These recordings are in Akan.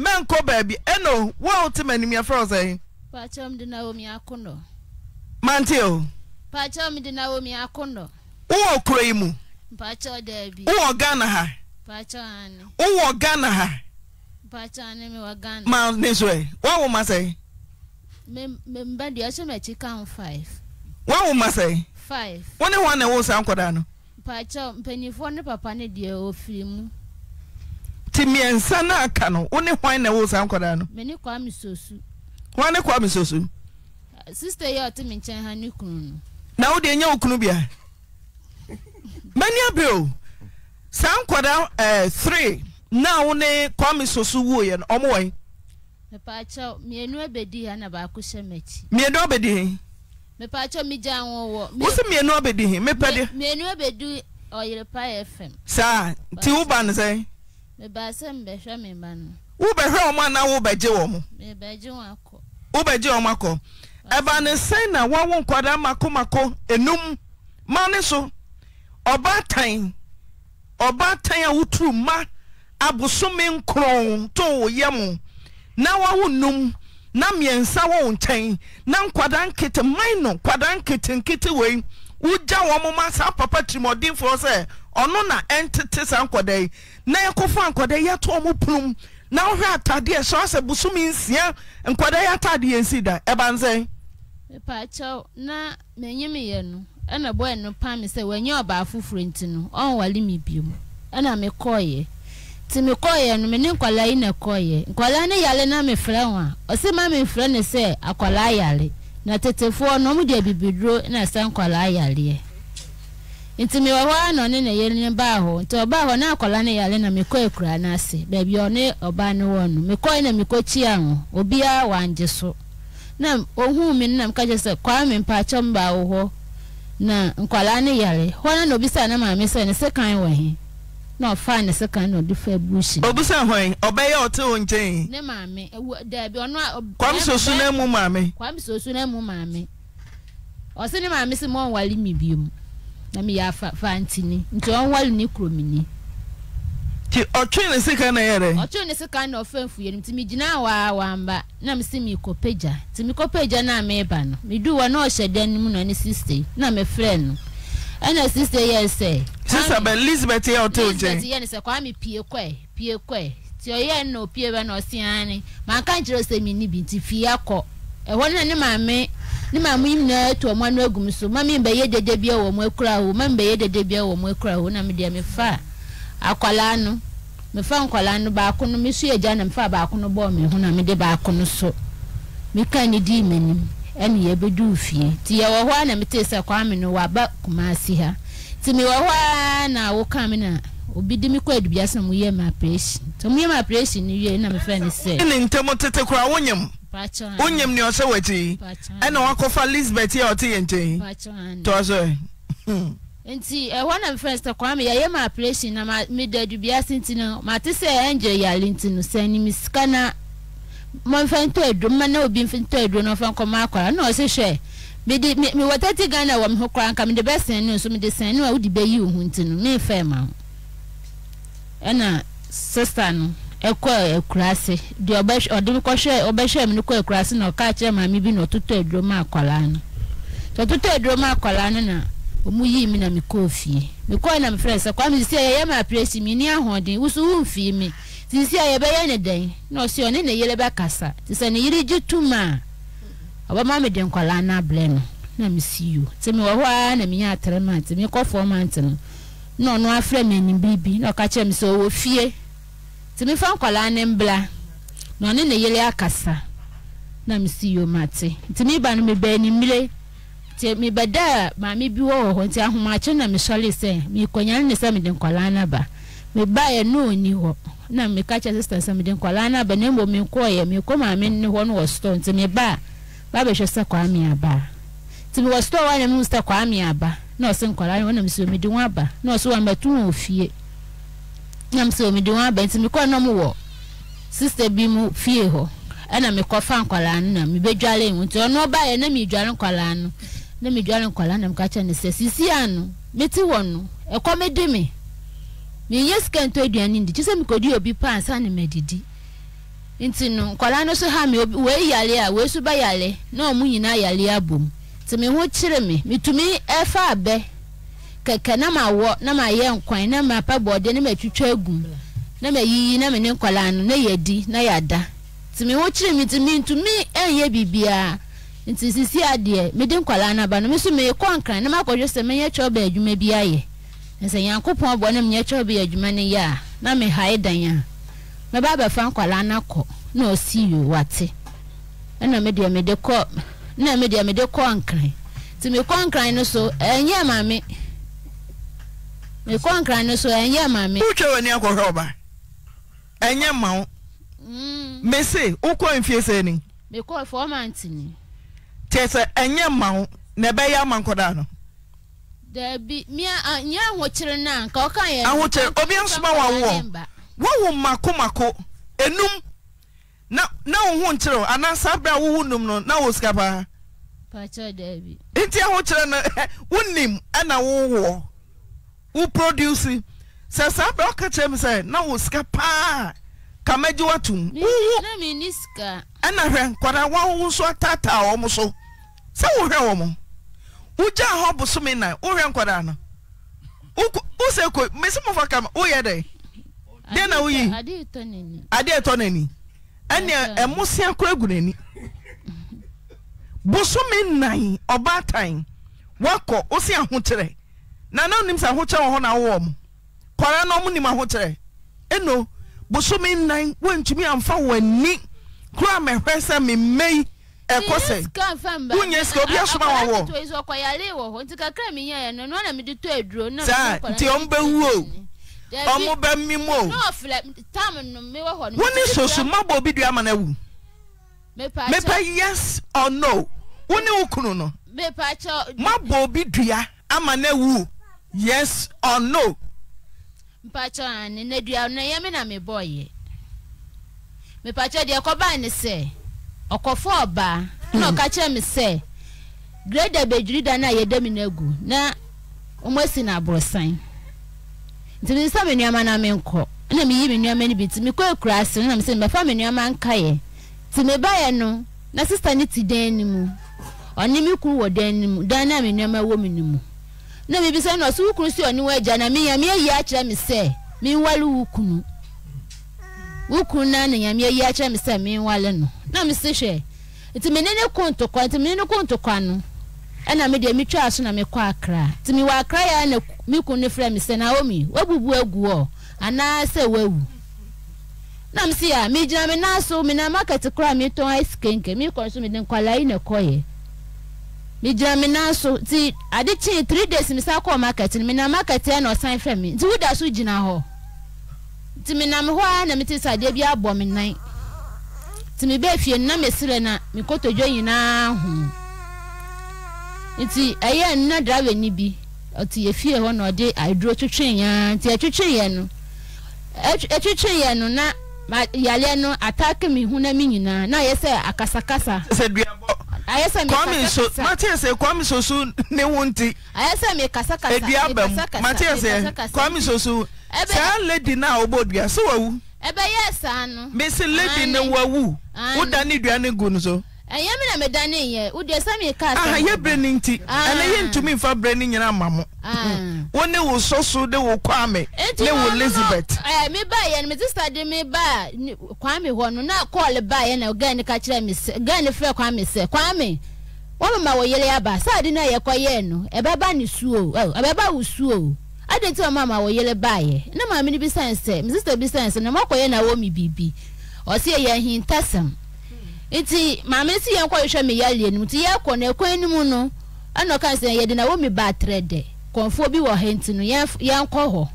mmenkɔ baabi eh, ɛnna wɔn a wɔte mu anim yɛfrɛ ɔsɛn. pàtó mi di naomi akɔnɔ. mante o. pàtó mi di naomi akɔnɔ. wowɔ kuro yi mu. wowɔ ghana ha. pàtó ani. wowɔ ghana ha. pàtó ani mi wɔ ghana. maa ne so yɛ wɔn wɔ ma sɛn. mmemba five. wɔn wɔ ma sɛn. five. wɔn ne wɔn na ɛwɔ saa nkɔdaa no. pàtó mpanyinfoɔ ne papa ne deɛ ofiri mu. nti mmiɛnsa na aka no wo ne hwan na ɛwo saa nkwadaa no mene kwa mesosu hwan ne kwa sista yi a me nkyɛn ha ne na wode ɛnyɛ wo kunu bia mani abeo saa nkwadaa ɛɛ eh, three na wo ne kwa mesosu wuoyɛ no ɔmo wɔn mmienu abɛdi ha na baako hyɛ m'akyi mmienu abɛdi he mepaakyɛw megya nwowɔ mmienu mepɛ de ɔyere fm saa nti woba no wobɛhwɛ ɔm anaa wobɛgye wɔ m wobɛgye ɔm akɔ ɛba ne sɛn na woawo nkwadaa makomako enum ma ne so ɔbaatan ɔbaatan a woturu ma abosome nkron to wo yɛ mo na woawo num na mmiɛnsa wɔ wo nkyɛn na nkwadaa nkete man nkwadaa nketenkete wei wogya wɔ mo ma saa papa tirimɔdenfoɔ sɛ ɔno na ɛntete saa nkɔda yi na yɛkɔfa nkɔda yi yɛtɔ ɔmo punum na wohwɛ ɔsɛ busumi nsia nkɔda yi nsi da ɛba nsɛn. na menyim yɛ no ɛna bɔyɛ no pam sɛ wɔnyɛ ɔbaa foforɔ nti no ɛna no yi na ɛkɔɔyɛ nkɔlaa ne yale na mefrɛ ho a ɔsɛ ma mefrɛ ne sɛ akɔlaa yale na tetefoɔ ɔmo de abibiduro na ɛsɛ nti mewɔ hɔ ara na ɔne ne yere ne hɔ na akwadaa ne na mekɔ ekura n'ase beebi ɔne ɔbaa ne wɔ no na mekɔ kyia ho obiara wangye so na ohun mi nam ka kyɛ sɛ kwame mpakyɛ wɔ hɔ na nkwadaa ne yare hɔ na obisa na maame sɛ ne sekan wɔ he na ɔfa ne na ɔde fa ebu hɔn ɔbɛyɛ ɔte wɔn nkyɛn. ne maame ewu dɛbi ɔno a. sosu na maame ɔsi ne na mi yɛ afa fantini nti wɔn wɔle ne kuromini. ti ɔtwe ne sika na yɛ dɛ. ɔtwe sika na ɔfɛn fuyɛ no nti mi gyina waa wamba na mi si mi kɔ pagya nti mi kɔ pagya na mi ba no mi du wɔ na ɔhyɛ dan no mu na ɔne sista na mi frɛ no ɛna sista yɛ sɛ. sista bɛ elizabeth yɛ ɔtɔ nkyɛn elizabeth yɛ ne sɛ kɔ ami pie kɔɛ pie kɔɛ ti ɔyɛ no pie bɛ na ɔsi ani maa ka nkyerɛ sɛ mi ni bi nti fie akɔ ɛwɔ na ne maame. ni maame yi nyinaa etu ɔmo ano agum so maame mbɛyɛ dede bia wɔ ɔmo ekura ho maame mbɛyɛ dede bia wɔ ɔmo ekura ho na mi deɛ mefa akwadaa no fa nkwadaa no baako no mi so yɛ gya na mi fa baako no bɔɔ mi ho na mi de baako no so mi ka ni di m'anim ɛna yɛ bɛdu fie ti yɛwɔ hɔ a na mi mete sɛ kwame no wa waba kumasi ha ti mewɔ hɔ a na ka mi na obi di mi kɔ edubiasa mu mo yɛ ma operation to mu yɛ ma operation ni wie na mefa ni sɛ. ne ntɛm tete koraa wonyam. wonyim nea ɔsɛ wɔti ɛna wakɔfa lisbeth yɛ ɔte yɛ nkyɛn tɔ so hmm. nti ɛhɔ na mfrɛ sɛ kwame yɛyɛ ma operation na meda adubia se nti no mate sɛ ɛngye yale nti no sɛ nim sika na mɔmfa ntɔ aduro mma na obi ntɔ aduro na ɔfa nkɔma akwara na ɔse hwɛ mede mewɔ tati ghana wɔ me ho koraa nka mede bɛsɛn no nso mede sɛn no a wode bɛyi wo ho nti no memfɛ ma wo ɛna sista no ɛkɔ ekuraase eh, deɛ ɔbɛ ɔde mi kɔhwɛ ɔbɛhwɛ no kɔ na ɔka kyerɛ maame bi na aduro akwaraa no akwaraa na ɔmu yi na mi kɔɔ fie mi na mi fɛrɛ sɛ kwame sisi a yɛyɛ ma mi ni ahoɔden wusu wu mi sisi a yɛbɛyɛ ne dɛn na ɔsi ɔne ne yere bɛkasa te sɛ ne yere gye a mi de nkwaraa no abrɛ no na mi si te mi wɔ hɔ ara na mi yɛ mi kɔ na ti tìmífà nkwalaa ne mbla na ɔne ne yere akasa na mesi yom ate nti miba no mebɛɛ ne mmire nti mebɛda maame bi wɔ hɔ nti ahomakye na mesɔre sɛ mekɔnyane ne sɛ mede nkwalaa no aba mebaeɛ no ɔni hɔ na meka kyerɛ sista sɛ mede nkwalaa no aba na mmom menkɔɔyɛ mekɔ maame ne hɔ no wɔ stɔ nti mebaa ba bɛhwɛ sɛ kwame aba nti mewɔ stɔ hɔ a na mehu sɛ kwame aba na ɔse nkwalaa no hɔ na mesi mede ho aba na ɔse wamɛto wɔ fie nam sɛ omidi wɔn abɛn nti mekɔ nam wɔ sista bi mu fie hɔ ɛna mekɔ fa nkwadaa no na mebɛdwale mu nti ɔno ɔbaeɛ na medwale nkwadaa no na medwale nkwadaa na meka kyerɛ no sɛ sisi ano meti wɔ no ɛkɔm e di me menyɛ sika ntɔ aduane ndi kye sɛ mekɔdi obi paa sa ne madidi nti no nkwadaa no so ha me wei yale a wei so ba yale na ɔmo nyinaa yale abom nti me ho kyerɛ me metumi ɛfa e abɛ kɛkɛ na ma wɔ na ma yɛ nkwan na ma pa bɔɔde na ma twitwa egum na ma yiyi na ma ne nkwadaa no na yɛ di na yɛ ada tìmí ho kyerɛ mi tìmí ntumi ɛnyɛ biribiara nti sisi adeɛ mede nkwadaa na aba no mi nso mi kɔ nkran na ma akɔhwɛ sɛ mɛnyɛ kyɛw bɛ adwuma bi ayɛ nsɛ nyankopɔn bɔ ne mɛnyɛ kyɛw bɛ adwuma no yɛ a na mi ha dan a mɛba abɛfa nkwadaa no akɔ na ɔsi yi wate ɛna mi deɛ mi de kɔ na mi deɛ mi de kɔ nkran tìmí kɔ nkran no so ɛnyɛ maame. mekɔ nkran no so ɛnyɛ ma me wotwa w'ani akɔhwɛ ɔba ɛnyɛ ma wo mm. mese wokɔ mfie sɛ ni mekɔ fɔɔ mante ni kyɛ sɛ ɛnyɛ ma wo na ɛbɛyɛ ama nkɔdaa no dabi mia nyɛ ahokyere no a nka ɔka yɛ ahokyere obi nsoma wawoɔ wowo mako mako enum na na wo ho nkyerɛ anaasɛ abrɛ a wowo num no na wo sika paa nti ahokyere no wonim ɛna wowoɔ wo produce sɛ saa bɛ ɔka kyerɛ mi sɛ na wo sika paa kamagye watum wowu ɛna hwɛ nkwadaa wawowo nso ataataa wɔn so sɛ wohwɛ wɔn wogya hɔ bosome na wohwɛ nkwadaa no wosɛ kɔ mesi mɔfa kama woyɛ dɛ deɛ na woyi adeɛ ɛtɔ n'ani ɛnea ɛmosia kora gu n'ani bosome nnan ɔbaatan wakɔ wosi ahokyerɛ na na onim sɛ ahokyerɛ wɔ hɔ na wowɔ m kwara na ɔmo nim ahokyerɛ ɛno bosome nnan wontumi amfa w'ani kura mɛhwɛ sɛ memmɛ yi ɛkɔ sɛ wonyɛ sika obi asoma wawɔ saa nti ɔmbɛwu o ɔmo bɛmi mu o wone soso mabɔ obi dua ama no awu mepɛ yes or no wone wo kunu no mabɔ obi dua ama no awu yes or no. mpatsɔ ani ne dua na yɛmi na mi bɔ yɛ mipatsɔ deɛ kɔba ni sɛ ɔkɔfo ɔbaa na ɔka kyerɛ mi sɛ greda bedwiri da na yɛda mi na egu na wɔn asi na aborosan nti mi nsa mi nneɛma na mi nkɔ ɛna mi yi mi nneɛma ni bi nti mi kɔ ekura ase na mi sɛ mbɛfa mi nneɛma nka yɛ nti mi ba yɛ no na sista ne ti dan ne mu ɔne mi kuru wɔ dan ne mu dan na mi nneɛma wɔ mi ne mu. na mebisa no ɔsɛ wo kunu sɛ ɔne wagya na menyame ayi akyerɛ me sɛ menwale wo kunu wo kunu na ne nyame ayi akyerɛ me sɛ menwale no na mese hwɛ nti mene ne ko ntokwa nti mene ne ko ntokwa no ɛna me deɛ metwaa so na mekɔ akra nti mewɔ akra yɛ na me kun ne frɛ me sɛ naomi woabubu agu ɔ anaasɛ woawu na mese a megyina me nan so menam market koraa metɔn ice kenke mekɔ so mede nkwalaa yi na ɛkɔyɛ megyina me nan so nti ade three days mesa kɔɔ market no menam market ɛ na ɔsan frɛ me nti woda so gyina hɔ nti menam hɔ ara na mete sɛ adeɛ bi abɔ me nan nti mebɛɛ fie no na mesrɛ na mekotodwa nyinaa ho nti ɛyɛ nna driver ni bi ɔte yɛfie hɔ na ɔde aduro twetwe yɛn nti ɛtwetwe e yɛn no ɛtwetwe e yɛn no na yaleɛ no ataake me ho na me nyinaa na yɛ sɛ akasakasa sɛ duabɔ ayɛ sɛ mi kasa kasa mate kwami soso ne wo nti ayɛ mi kasa kasa edi abam mate sɛ kwami soso saa lady na ɔbɔ dua so wawu ɛbɛyɛ saa no mesi lady ne wawu woda ne dua ne gu so. ɛyɛ mi na mɛ da ne yɛ o deɛ ahụ ka aha yɛ bere ni nti ah. ɛna yɛ ntumi nfa ni nyina ma mo ah. wɔn ne wo soso wo kwame ne wo elizabeth. ɛɛ mi ba yɛ no mi sista de mi ba kwame hɔ no na kɔɔli ba yɛ na gɛn ne ka kyerɛ mi sɛ gɛn ne kwame sɛ kwame na yɛ kɔ yɛ bi sɛn sɛ mi na mo nti maame si yɛn kɔ yɛhwɛ mi yɛlɛ anim nti yɛkɔ na ɛkwan anim no ɛna ɔka sɛ yɛde na wɔmi ba atrɛ dɛ kɔnfoɔ bi wɔ ha nti no yɛn kɔ hɔ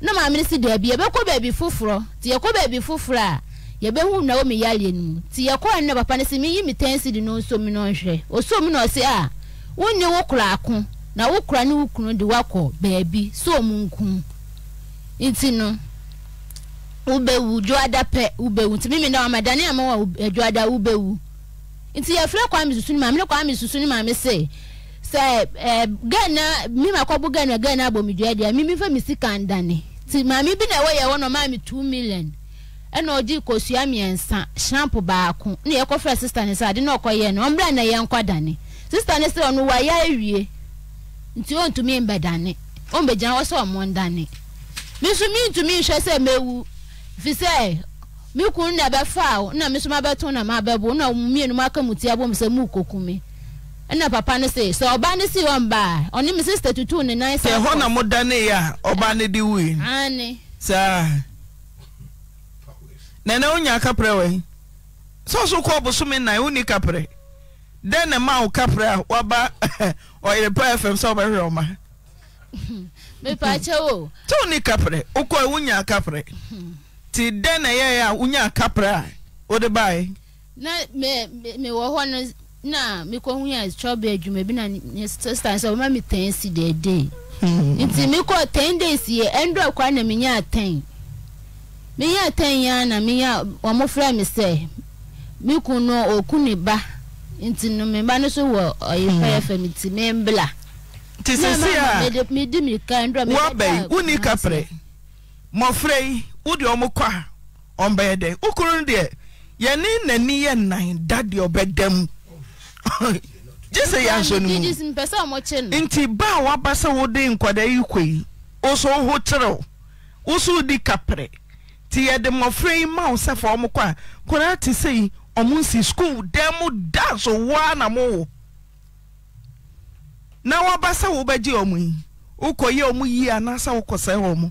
na maame si dɛbi yɛbɛkɔ baabi foforɔ nti yɛkɔ baabi foforɔ a yɛbɛhu na wɔmi yɛlɛ anim nti yɛkɔ na papa no si mi yi mi tɛn si di no nso mi no nhwɛ osuo mi na ɔsi a wonye wo kura ako na wo kura ne wo de wakɔ baabi so mu nkun nti no wobɛwu dwoada pɛ wobɛwu nti mimi na ɔma dane ama wa dwoada wobɛwu nti yɛfrɛ kwame susu no maame ne kwame susu no maame se sɛ ɛɛ eh, ghana mimi akɔbo ghana ghana abɔ mi dua deɛ mimi fɛ mi sika ndane nti maame bi na ɛwɔ yɛ wɔ na ɔma mi two million ɛna ɔgye kosua mmiɛnsa shampoo baako ne yɛ kɔfrɛ sista ne sɛ ade na ɔkɔ yɛ no ɔmbra na yɛn kɔ dane sista ne sɛ ɔno waya awie nti ɔntumi mbɛ dane ɔmbɛgyina hɔ sɛ ɔmo ndane mi nso mi ntumi nhwɛ sɛ mewu fi sɛ mi kunu fau nna m mi nso ma m na ma nna na mmienu ma aka mu ti abom sɛ mu koku mi ɛna papa sɛ si wɔn baa ɔne mi sista tutu ne nan sɛ. ɛhɔ na mo da ne a di wui. ani. saa nana onya kaprɛ wɛ sɔɔso kɔ bosome nan wuni na ma wo kaprɛ a waba fm sɛ ɔma. mipa kyɛw o. ni ti dɛn na ɛyɛ a wonya kapra wode bae na mewɔ hɔ no na mekɔhuya chɔbe adwuma bi na ne sister sɛ ɔma me tɛn si deede hmm. nti mekɔ tɛn days yɛ ɛndɔ kwa na menya atɛn menya atɛn yɛ na menya ɔmofrɛ me sɛ me ku no ɔku ne ba nti no me ba no so wɔ ɔyɛ fɛfɛ hmm. me nti membla nti sɛsi a medi mirika ndɔ mebɛwabɛi woni kaprɛ mmɔfra yi wode ɔmokɔ a ɔmbɛyɛ dɛn wo kuro no deɛ yɛne nani yɛ nan da deɛ ɔbɛda mu gye sɛ yɛ no mu nti ba a woaba sɛ wode nkwadaa yi kɔ yi wo so woho kyerɛw wo so wodi kaprɛ nti yɛde mmɔfra yi ma wo sɛ fa a koraa te sɛ yi ɔmo nsi skuul dɛn mu da so woa na mowo na woaba sɛ wobɛgye ɔmo yi wokɔyɛ ɔmo yie anaasɛ wokɔsɛe ɔmo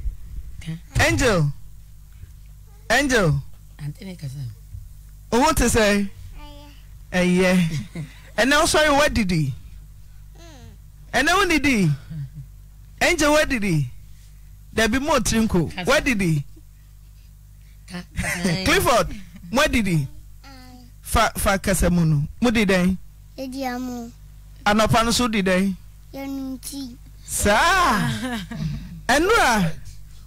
angel angel ohun ti sẹ ẹyẹ ẹnna ọsọrin wẹ didi ẹnna wọn didi angel wẹ didi dẹbi mo ti nko wẹ didi clifford mo hmm. didi fa fa kẹsẹ mu no mo di dẹ. edi amu. anọpa nso di dẹ. yẹnu ti. saa ẹnu a.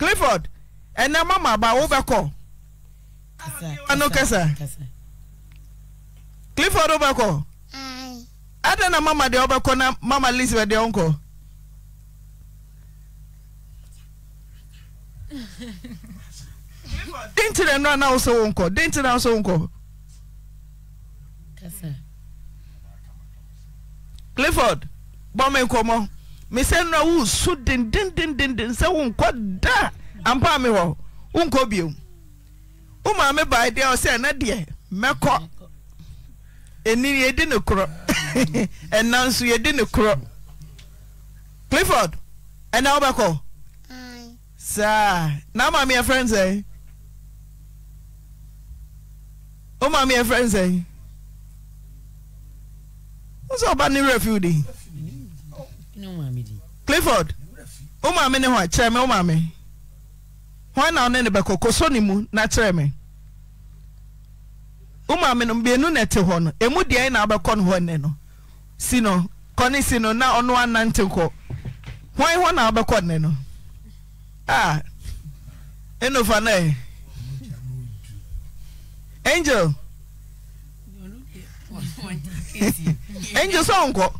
clifford ɛnɛ mama ba wo bɛkɔ ano kasa clifford wo na mama deɛ wobɛkɔ na mama elizabeth deɛ wonkɔ dinti na nnọọ na ọsọ na ọsọ clifford mesɛ nnura woresu dendendendenden sɛ wonkɔ da ampa me hɔ wonkɔ biom wo maame bae deɛ ɔsɛ ɛnɛ deɛ mɛkɔ ɛnini yɛdi ne korɔ ɛna nso yɛdi ne korɔ clifford ɛna wobɛkɔ saa na maame yɛ frɛ nsɛn wo maame yɛ frɛ nsɛn wo sɛ ɔba ne werɛ fiwdi clifford wo maame ne hɔ a kyerɛ me wo maame hɔn na ɔne ne bɛkɔ koso ne mu na kyerɛ me wo maame no mmienu na ɛte hɔ no emu deɛ na abɛkɔ ne hɔ ne no si no kɔne si no na ɔno anante kɔ hɔn hɔ na abɛkɔ ne no a enofa na yɛ angel angel sɛ ɔnkɔ.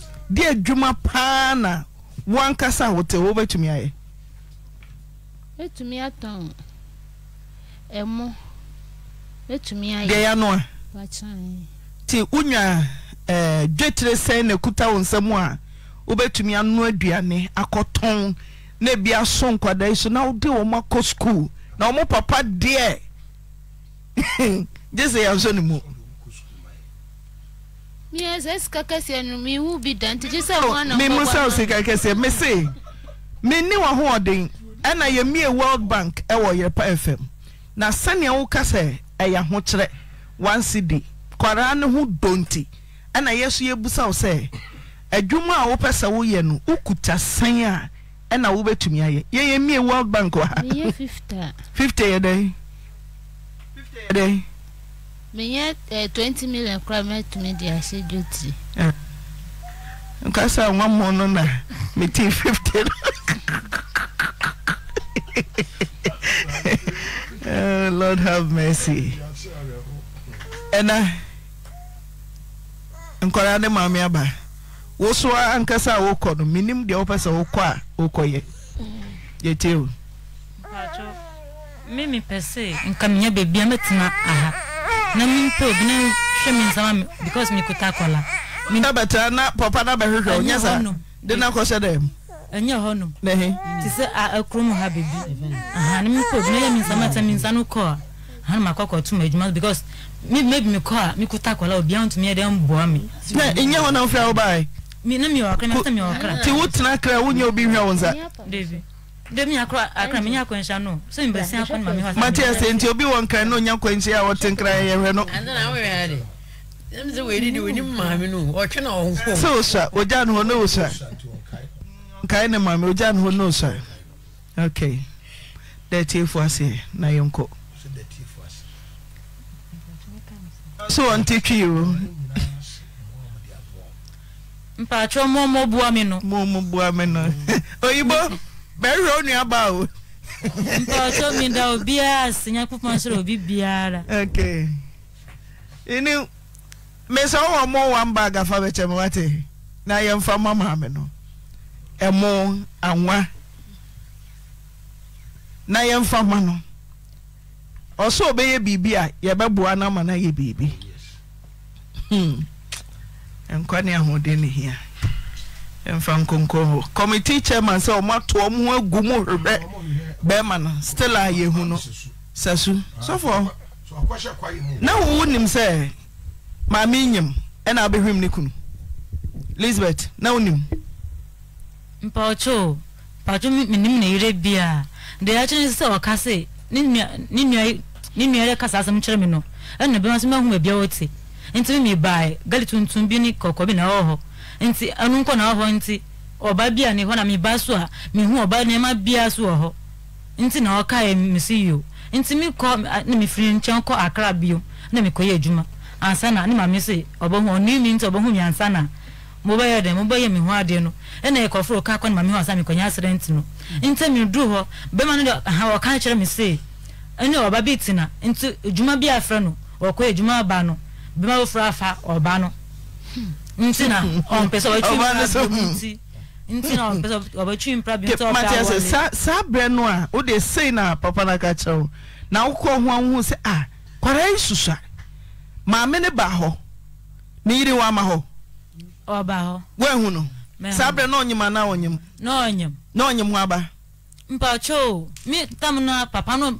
de adwuma paar na woankasa wote wobɛtumi ayɛdeɛɛnoa nti wonwadwetire eh, sɛn ne kuta wo nsɛm a wobɛtumi ano aduane akɔtɔn na bi aso nkwadayi so na wode wɔ m akɔ skuu na ɔmo papa deɛ gye sɛ yɛns ne mu memu sɛ wo sika kɛseɛ me se menni w'ahoɔden ɛna yɛmie world bank ɛwɔ yerɛpa fm na sɛnea woka sɛ ɛyɛ ahokyerɛ wanse de kwaraa ne ho donti ɛna yɛ so yɛbusa wo sɛ adwuma a wopɛ sɛ woyɛ no wokuta sɛn a ɛna wobɛtumi ayɛ yɛyɛ mie world bank wɔ ha 50 yɛ dɛn menyɛ ɛɛ eh, twenty million kura mɛtumi de ahyɛ duty. Ah. nkasa nwa mu no na meti fifty no oh, lord have mercy nkɔla ne maame aba woso ankasa a no menim deɛ wopɛ sɛ wokɔ a wokɔyɛ yɛtie o mimi pɛ mɛtena aha na mimpo bine hwɛ me nsɛm ame because mekuta akɔla na bɛtaa na papa na bɛhwehwɛ wo nyɛ sa de na kɔhyɛ dɛ ɛnyɛ hɔ nom te sɛ akurom ha bebi aha na mi mpo bine yɛ me nsɛm atɛ me nsa no kɔ a aha na makɔ akɔtom adwuma because maybe mekɔ a mekuta akɔla obia ntumi yɛ dɛ mboa me na ɛnyɛ hɔ na wofrɛ wo bae mi na mi wɔ akra na mi wɔ akra nti wotena akra wonyɛ obi hwɛ wo nsa demi akora akora menya akwanhyia no so mbɛsi akɔ ne maame hɔ. mate ɛsɛ nti obi wɔ nkran na onya nkwanhyia a wɔte nkran yɛ hwɛ no. sɛ osa ogya ne hɔ na osa nkae ne maame ogya ne hɔ na osa ok dɛtiefo aseɛ na yɛnkɔ so wɔnte twii o mpaatwɛ mmɔmmɔ bua me no mmɔmmɔ bua me no oyibo bɛwerɛ wo nuaba o mpɔtɔ mi da obiara ase nyankopɔn hyerɛ obi biara okay ɛni mesɛ wowɔ mo one bag afa bɛkyɛ wate na yɛmfa ma maame no ɛmo anwa na yɛmfa ma no ɔsɛ ɔbɛyɛ biribi a yɛbɛboa no ama na ayɛ biribi nkwa ahoɔden hia mfa nkonko ho committee chairman sɛ ɔmo ato ɔmo agu mu hwebɛ bɛrima no still a yɛhu no sasu sɔfo na wowo nim sɛ maame nyim ɛna abɛhwim ne kunu lisbeth na wonim mpɔtwo mpɔtwo menim ne yerɛ bi a deɛ akyerɛ ne sɛ ɔka se ne nua yɛrɛ kasa asɛm kyerɛ me no ɛna bɛma so mahu baabi a wɔte nti me mebae gale tuntum bi ne kɔkɔ bi na ɛwɔ hɔ nti ɛno nkɔ na ɔhɔ nti ɔba bi a ne hɔ na meba so a mehu ɔba nneɛma biara so wɔ hɔ nti na ɔka yɛ mesi yio nti mi ne mi firi nkyɛn kɔ akra bio na mi yɛ adwuma ansa na ne maame se ɔbɛhu mi nti ɔbɛhu mi ansa na dɛ ho adeɛ no ɛna ɛkɔforo kɔ ne maame hɔ ansa no nti hɔ bɛma no de ɔka kyerɛ se ɛne Ntị na ɔmpɛ sɛ ɔbɛtwi hmm. mpra bi nti na ɔmpɛ sɛ ɔbɛtwi mpra bi nti ɔpɛ awɔ ne. saa abirɛ no a o de sei na papa na ka o na akokɔ ho ahohu sɛ a ah, kwara yi susua maame ne ba hɔ ne yiri wa ama hɔ. ɔba hɔ. wɛhu no saa abirɛ na ɔnyim anaa ɔnyim. na ɔnyim. na ɔnyim ho aba. mpɔtɔ mi tam na papa no.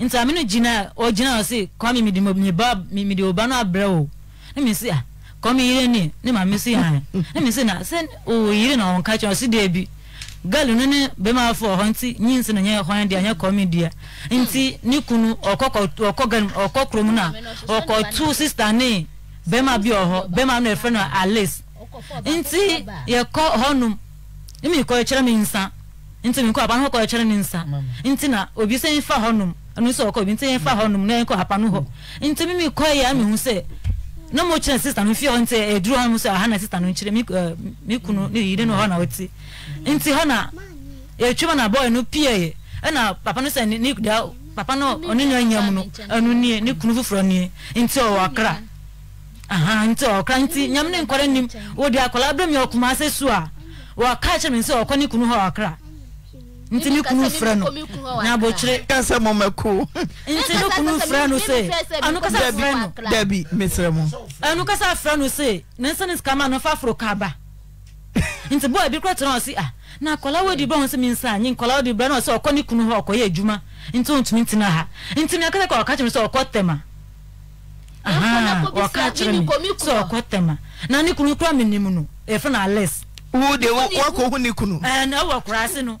nti aminu gyina ɔgyina ɔsi kɔmi mi di mi ba mi di oba no abrɛ o ah, ne mi si a kɔmi yire ni ne maame si si na sɛ o yire na ɔn kakyɛ ɔsi de bi gaali no ne bɛma afɔ ti nti nsi na nye hɔn deɛ nyɛ di deɛ nti ne kunu ɔkɔ ɔkɔ gaali ɔkɔ kurom na ɔkɔ tu sista ne bɛma bi ɔhɔ bɛma no efɛ no ales nti yɛ kɔ hɔnom ne mi kɔ nsa nti mi kɔ aba no kɔ ɛkyerɛ nsa ɔno sɛ ɔkɔ bi nti yɛmfa hɔ nom na yɛnkɔ apa no hɔ nti mimi kɔ yɛ amehu sɛ na mo kyerɛ sista no fie hɔ nti hɔ no aha na sista no nkyerɛ me kunu ne yire no hɔ na ɔte nti hɔ na yɛtwam na bɔɔl no pieɛ ɛna papa no sɛ ne da papa no ɔne no anya mu no ɛno nie ne kunu foforɔ nie nti ɔwɔ akra aha nti ɔwɔ akra nti nyame ne nkɔre nim wɔde akɔla abirɛ mi ɔkuma ase so a wɔka kyerɛ me sɛ ɔkɔ ne kunu hɔ akra nti ne kunu frɛ no na abokyire ka sɛ mɔmako nti ne kunu frɛ no se ɛno kasa frɛ no dabi mesrɛ mu ɛno kasa frɛ no se ne nsa ne sika ma no fa foro ka ba nti bɔɔ bi kora tena ɔse a ah, na akɔla wo di bɔ ho sɛ mi nsa anyi nkɔla wo di bra na ɔsɛ ɔkɔ ne kunu hɔ ɔkɔyɛ adwuma nti ɔntumi ntena ha nti ne akasɛ ka ɔka kyerɛ sɛ ɔkɔ tɛma ɔka kyerɛ me sɛ ɔkɔ tɛma na ne kunu kora menim no ɛfɛ no ales wo de wakɔhu ne kunu ɛnɛ wɔ koraa se no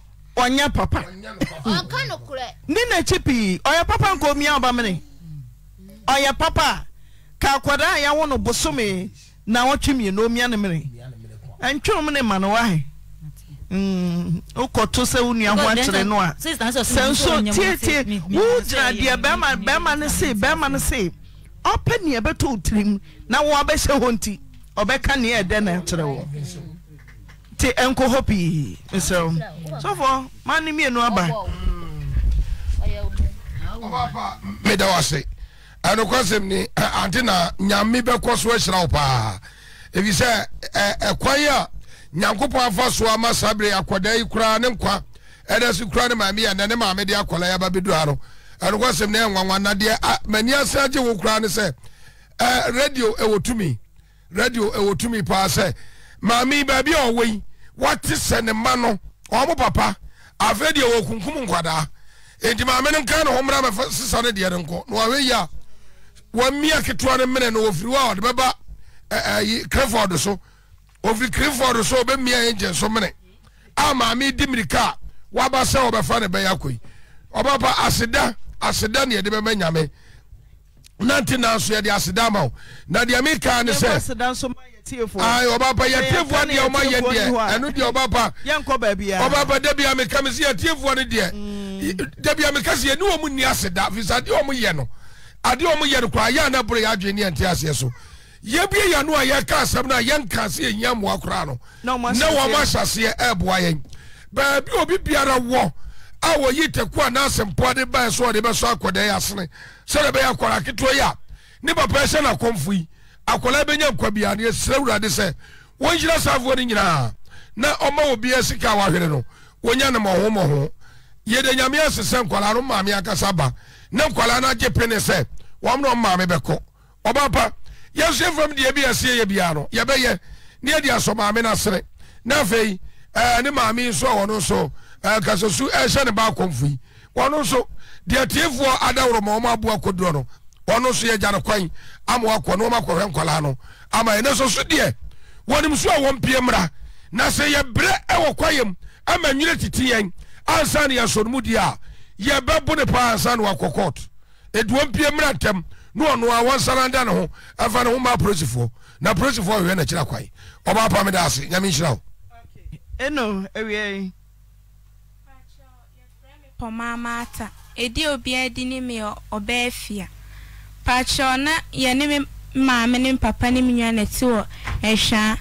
ɔnyɛ papa ne nakyi pii ɔyɛ papa nka omia ɔba mene ɔyɛ papa a ka akwadaa a yɛawo no bosome na wɔtwe mmienu omia ne mene ɛntwerom ne ma no wahe mm, wokɔto sɛ wo nua ho akyerɛ no a sɛ nso tietie wogyina deɛ bɛrima no se bɛrima no se ɔpɛ nea ɛbɛtɔ wo tirim na wo abɛhyɛ hɔ nti ɔbɛka nea ɛdɛ na ɛkyerɛ wo te nkɔ hɔ pii nsɛm Sɔfɔ, maa ne mmienu aba meda wo ase ɛnokwasɛm ni ante na nyame bɛkɔ so ahyira wo paa ɛfiri sɛ ɛkwan a nyankopɔn afa so ama saa bere akwadaa yi koraa ne nkwa ɛda so kura ne maame yɛ nɛne maame de akwadaa yi aba bɛdua no ɛnokwasɛm ne m'ani ase agye wo koraa ne sɛ radio ɛwɔ tumi radio ɛwɔ tumi paa sɛ maame baabi a ɔwɔ yi wɔte sɛ ne ma no ɔmo papa afei deɛ wɔkunkum nkwadaa enti maame no nka ne ho mmra mɛfa sisa ne deɛ ne nkɔ na wɔahwɛ yi a wɔmmia ketewa no mmerɛ no wɔfiri hɔ a bɛba ɛɛyi kreford so ofiri kreford so ɔbɛmmia ɛngyɛ so mene, a maame di mmirika a wɔaba sɛ wɔbɛfa ne bɛyɛ akɔ yi ɔbɛba aseda aseda ne yɛde bɛbɛ nyame nante nanso yɛde aseda ma wo na deɛ meka ne sɛ ɔbapa yɛtiefoɔ deɛ ɔma yɛ deɛ ɛno deɛ ɔbapa ɔbapa da bia meka me sɛ yɛtiefoɔ no deɛ mm. da bia meka sɛ yɛne wɔ mu nni aseda firi sɛ adeɛ ɔmo yɛ no adeɛ ɔmo yɛ no koraa yɛ ana boro yɛadwene ne yɛnte aseɛ so yɛbie yɛ no a yɛka asɛm no a yɛnka sɛ yɛnyia mmoa koraa no na wɔm ahyɛseɛ ɛɛboa yɛn baabi obi biara wɔ a wɔyi taku anaasɛ mpoa de baɛ so ɔde bɛsɔ akɔda yi asene sɛdeɛ bɛyɛ akɔra ketewa yi a ne papa ɛhyɛ no akɔmfo yi akɔla bɛnya nkwa biaa ne yɛsrɛ wurade sɛ wɔnhyira saafoɔ no nyinaa na ɔma obiaa sika a wahwere no wɔnya ne mɔhomɔho yɛde nyame ase sɛ nkwalaa no maame ankasa ba na nkwalaa no agye pene sɛ wɔm na ɔmaame bɛkɔ ɔba pa yɛso yɛfam deɛ bi ɛseɛ yɛ biaa no yɛbɛyɛ ne yɛde asɔ maame no asere na afei ne maame nso a wɔno nso Eh, kasasu ɛhyɛ eh, ne ba akɔmfo yi wɔn nso deɛ tiefoɔ adaworo ma wɔn abo akoduro no wɔn nso yɛ gya no kwan ama wakɔ na wɔn akɔhwɛ nkɔlaa no ama yɛn nso so deɛ wɔnim so a wɔn pie mmra na sɛ yɛbrɛ ɛwɔ kwayam ama nwere titi yɛn ansa na yɛsɔ no mu deɛ a yɛbɛbo ne pa ansa e na wakɔ court wɔn pie mmra ntɛm na ɔno a wɔn nsa nanda ne ho afa ne ho ma polisifoɔ na polisifoɔ hwɛ n'akyir akwan ɔbaa pam pɔmaamaata ɛdi obiaa di ne meyɛ ɔbɛɛ fia paakyɛw na yɛne me maame ne mpapa ne menua na ti wɔ ɛhwaa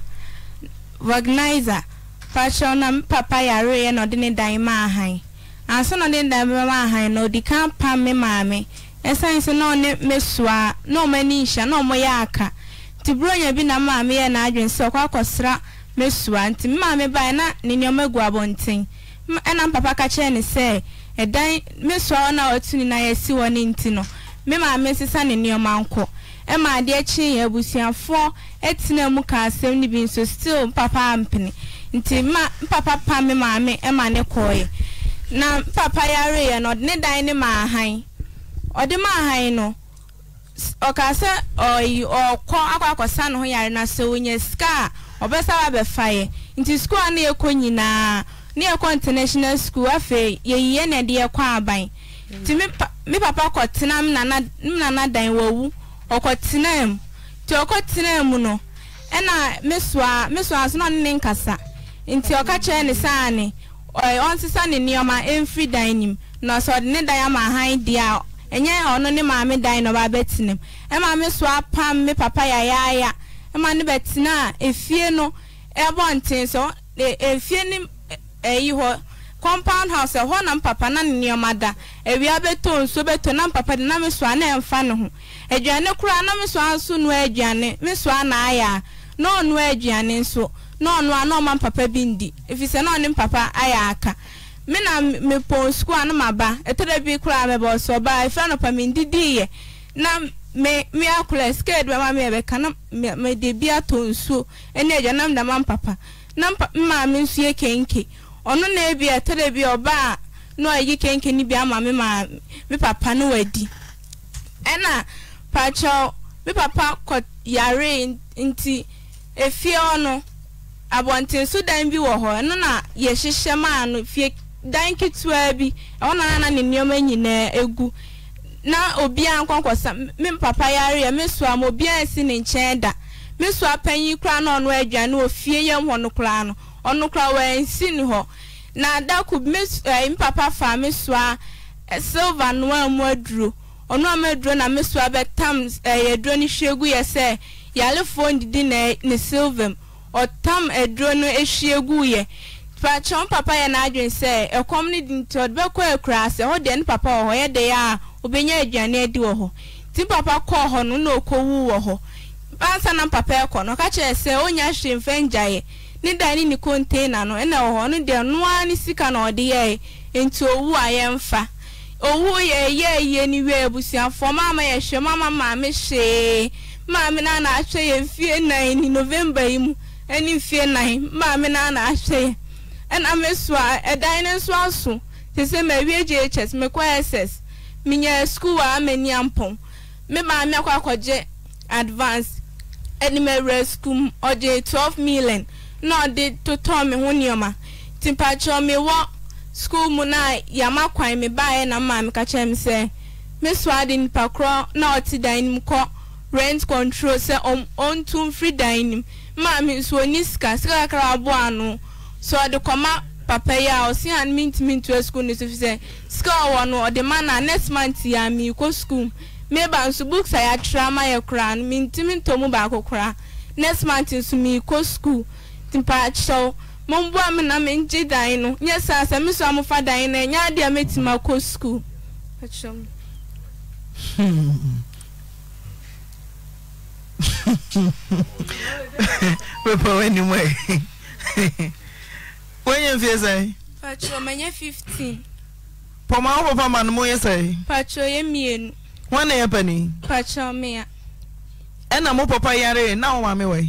wagnizer paakyɛw na me papa yareɛ na ɔde ne dan ma ahan ansa na ɔde ne dan ma ahan na ɔdi kan pam me maame ɛsiane sɛ na ɔne me soa na ɔmo ani nhyia na ɔmo yɛ aka nti buronya bi na maame yɛ n'adwene sɛ ɔkɔ akɔsra me soa nti maame baeɛ na ne nneɛma gu abɔnten ɛna papa ka kyerɛ ne sɛ ɛdan mesoa wɔn a wɔtu na nan asi ne nti no me maame sesa ne nneɛma nkɔ ɛma e adeɛ kye yɛ abusuafoɔ ɛtena mu ka asɛm no bi nso still papa ampene nti ma papa pa me maame ɛma e ne kɔɔɛ na papa yare yɛ no ne dan ne ma ahan ɔde ma ahan no ɔka sɛ ɔyi ɔkɔ akɔ akɔsa ne ho yare na sɛ wonya sika a ɔbɛsa wa bɛfa yɛ nti sukuu a ne yɛ kɔ nyinaa. ne yɛkɔ international school afei yɛyiyɛ na ɛde yɛkɔ aban mm. nti me papa kɔtena m nana dan wawu ɔkɔtenaa mu nti ɔkɔtenaa mu no ɛna mesoa mesoa so na ɔne ne nkasa nti ɔka kyerɛ ne saa ne ɔnsesa ne nneɛma ɛmfiri dan nim na ɔsɛ ɔde ne dan ama ahan deɛ a ɛnyɛ ɔno ne maame dan na ɔba abɛtena mu ɛma mesoa pam me papa yayaaya ɛma ne bɛtena a efie no ɛbɔ nten so e, efie ne ɛyi hɔ compound house ɛhɔ na mpapa na ne nneɛma da awia bɛtɔ nsuo bɛtɔ na mpapa de na me soa na ɛmfa ne ho aduane koraa na me soa nso noa aduane me soa na ayɛ a na ɔnoa aduane nso na ɔnoa na ɔma mpapa bi ndi efisɛ na ɔne mpapa ayɛ aka me na mepɔ sukuu a na ma ba ɛtɔdɛ bi koraa mɛbɔ so ɔbaa efra no pa me ndidi yɛ na me me akora skate bɛma me ɛbɛka na me me de bi atɔ nsuo ɛne aduane na me dama mpapa na mpa maame nso yɛ kenke. ɔno na ebi ɛtɔdɛ bi ɔba na ɔyi kenke bi ama me ma me papa no wadi ɛna pakyɛw me papa kɔ yare nti efie ɔno abɔnten so dan bi wɔ hɔ ɛno na yɛhyehyɛ maa no fie dan ketewa bi ɛwɔ na nana ne nneɛma nyinaa egu na obiara nkɔnkɔsa me papa yare yɛ me soa ma obiara si ne nkyɛn da me soa panyin koraa na ɔno aduane ofie yɛm hɔ no koraa no. ɔno kora wɔansi ne hɔ na dako mpapa eh, fa me soa eh, silva noa mu aduro ɔno a maduro na me soa bɛtam eh, yɛduro no hwie gu yɛ sɛ yalefoɔ ndidi ne ne silva mu ɔtam aduro no hwie gu yɛ pakyɛn papa yɛ n'adwene sɛ ɛkɔm no di nti ɔde bɛkɔ ekura ase hɔ deɛ ne papa wɔ hɔ yɛ deɛ yɛ a obenya aduane adi wɔ hɔ ti papa kɔɔ hɔ no na ɔkɔwu wɔ hɔ ansa na papa ɛkɔ no ɔka kyerɛ sɛ onya hwee mfɛn gyaeɛ ne dan ne ne container no ɛna wɔ hɔ no deɛ noa ne sika na ɔde yɛe nti owu a yɛmfa owu yɛ yɛ yie ne wie abusuafoɔ maama yɛhwɛ maama maame hyee maame na na ahwɛ yɛ mfie nan ne november yi mu ɛne mfie nan maame na na ahwɛ yɛ ɛna mesu a ɛdan ne nso aso te sɛ ma awie ghs mekɔ ss menyɛ school a mani ampɔn me maame akɔ akɔgye advance ɛne ma awura school ɔgye twelve million. na ɔde totɔ me ho nneɛma nti mpakyɛw mewɔ sukuu mu na yɛama kwan me baeɛ na maame ka kyerɛ me sɛ me so nipa korɔ na ɔte dan no mu rent control sɛ ɔntu mfiri dan no mu maame nso ɔni sika sika kakra aboa ano so ɔde kɔma papa yi a ɔsi a mintimi ntua sukuu no fi sɛ sika ɔwɔ no ɔde ma na next month yɛ ami kɔ sukuu meba nso books a yɛatwerɛ ama yɛ koraa no mintimi ntɔ baako koraa next month nso mi kɔ sukuu mpaakyɛw momboa me na mengye dan no nyɛ saa sɛ me so a mofa dan no ɛnyɛ adeɛ a mɛtumi akɔ skuul bɛpa w'anim ɛ woanyɛ mfie sɛe manyɛ 15 pɔma wo papa ma no moyɛ sɛe patro yɛ mmienu hɔ na yɛ pani patro mea ɛna mo papa yare na wo ma me wɔe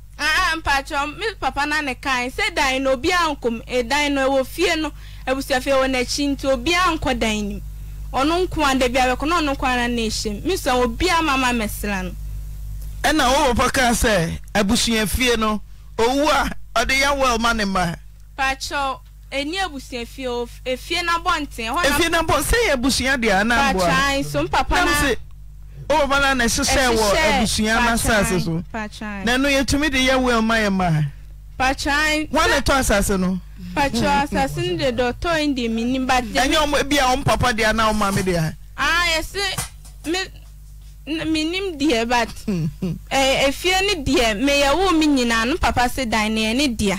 na mpakyɛ papa na ne kan sɛ dan no obi ankom e, dan no ɛwɔ fie no abusuafo ɛwɔ n'akyi nti obi ankɔ dan nim ɔno nko a dabi abɛkɔ na ɔno nko ara na ehyɛ mu mesɛ obi ama ma mɛsra no. ɛna wɔn papa kaa sɛ abusuafie no owu a ɔde yɛ wɔ ɔma ne mma. pakyɛ ɛni abusuafie efie n'abɔnten. efie n'abɔnten sɛ yɛ abusua deɛ anamboa. pakyɛ nso mpapa na. wobɛbana na ɛhyehyɛɛ wɔ abusua no asase so na ɛno yɛtumi de yɛ wel ma yɛ mmaa wane tɔ asase no ɛnyɛ bia ɔm papa deɛ na woma ah, me deɛ menim deɛ but hmm, hmm. efie ne deɛ meyɛwo me nyinaa no papa se dan ne ɛne dea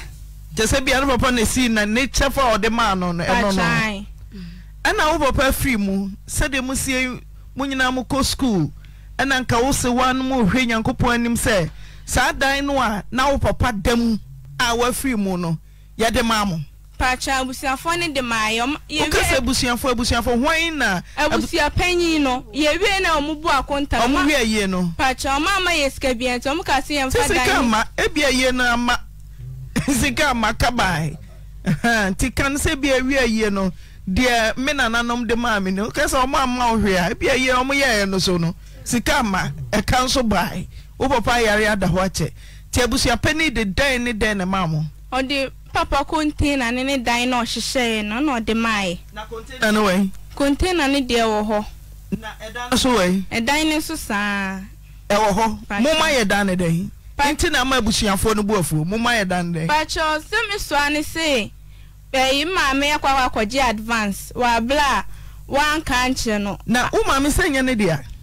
kyɛ bia no papa na esi na ne kyɛ fa ɔde maa no no ɛno no ɛna wo papa firi mu sɛdeɛ musie mo nyinaa mokɔ skuul ɛna nka wo se woa no m ɔhwɛ nyankopɔn anim sɛ saa dan no a na wo papa da mu a woafiri mu no yɛde mamowokasɛ abusuafoabuafhnm yie noiem sikama abantikan sɛ biaie no deɛ me nananomde maamenookɛsɛ ɔma ama ohɛa biie ɔmyɛɛ no so no sika ma ɛka so bae wopɔpa yare ada hɔ akyɛ nti abusuapɛne de dan ne dan ne mamɔhɛɛ aufoɔnofbɛɛma nɛ bmaamɛgeadkeɛ woameɛɛe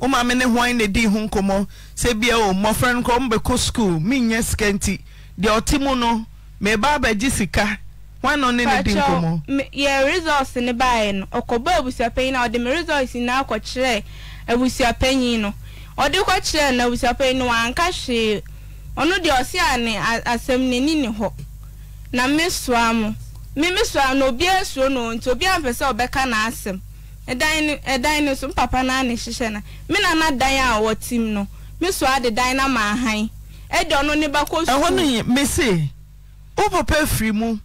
ụmụ ne hwan ne dii ho nkɔmmɔ sɛ bia o mmɔfra no nkɔ mbɛkɔ skuul menyɛ sika nti deɛ ɔte mu no mebaa bɛgye sika hwan na ɔne ne di nkɔmmɔ yɛ resɔs ne baeɛ no ɔkɔbɔ abusuapanyin no a ɔde me resɔs nyinaa kɔkyerɛ abusuapanyin no ɔde kɔkyerɛ na abusuapanyin no wanka hwee ɔno deɛ ɔse a ne n'ani na mesoa mo me mesoa no obiara suro no nti obiara mpɛ sɛ ɔbɛka ɛdan no so mpapa no ane hyehyɛ no me na na dan a wɔtem no me so ade dan no ma ahan ɛde ɔno ne bakɔ ɛhɔ no yɛ mese wo papa afiri mu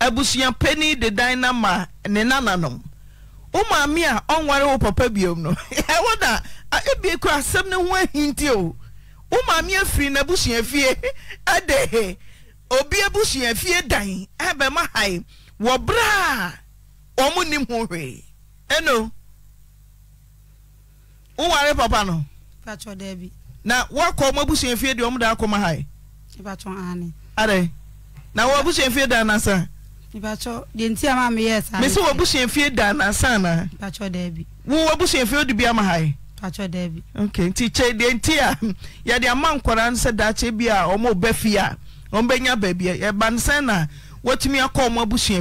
abusua pani de dan no ma ne nananom wo maame a ɔnware wo papa biom no ɛwɔ na ebie kɔ asɛm ne ho ahinti o wo maame afiri n'abusua fie ɛde obi abusua fie dan ɛbɛma hae wɔ wɔn nim ho hwee eno woware papa no patro dabi na woakɔ mo abusuafie deɛ ɔmda akɔ ma hae patro ane na wo abusuafie da anasa nti a maa saa mesi wo abusuafie da anasa anaa patro dabi odi bi ama ok nti nti a yɛde ama bi a a baabi a nsɛn na akɔ ɔmo abusua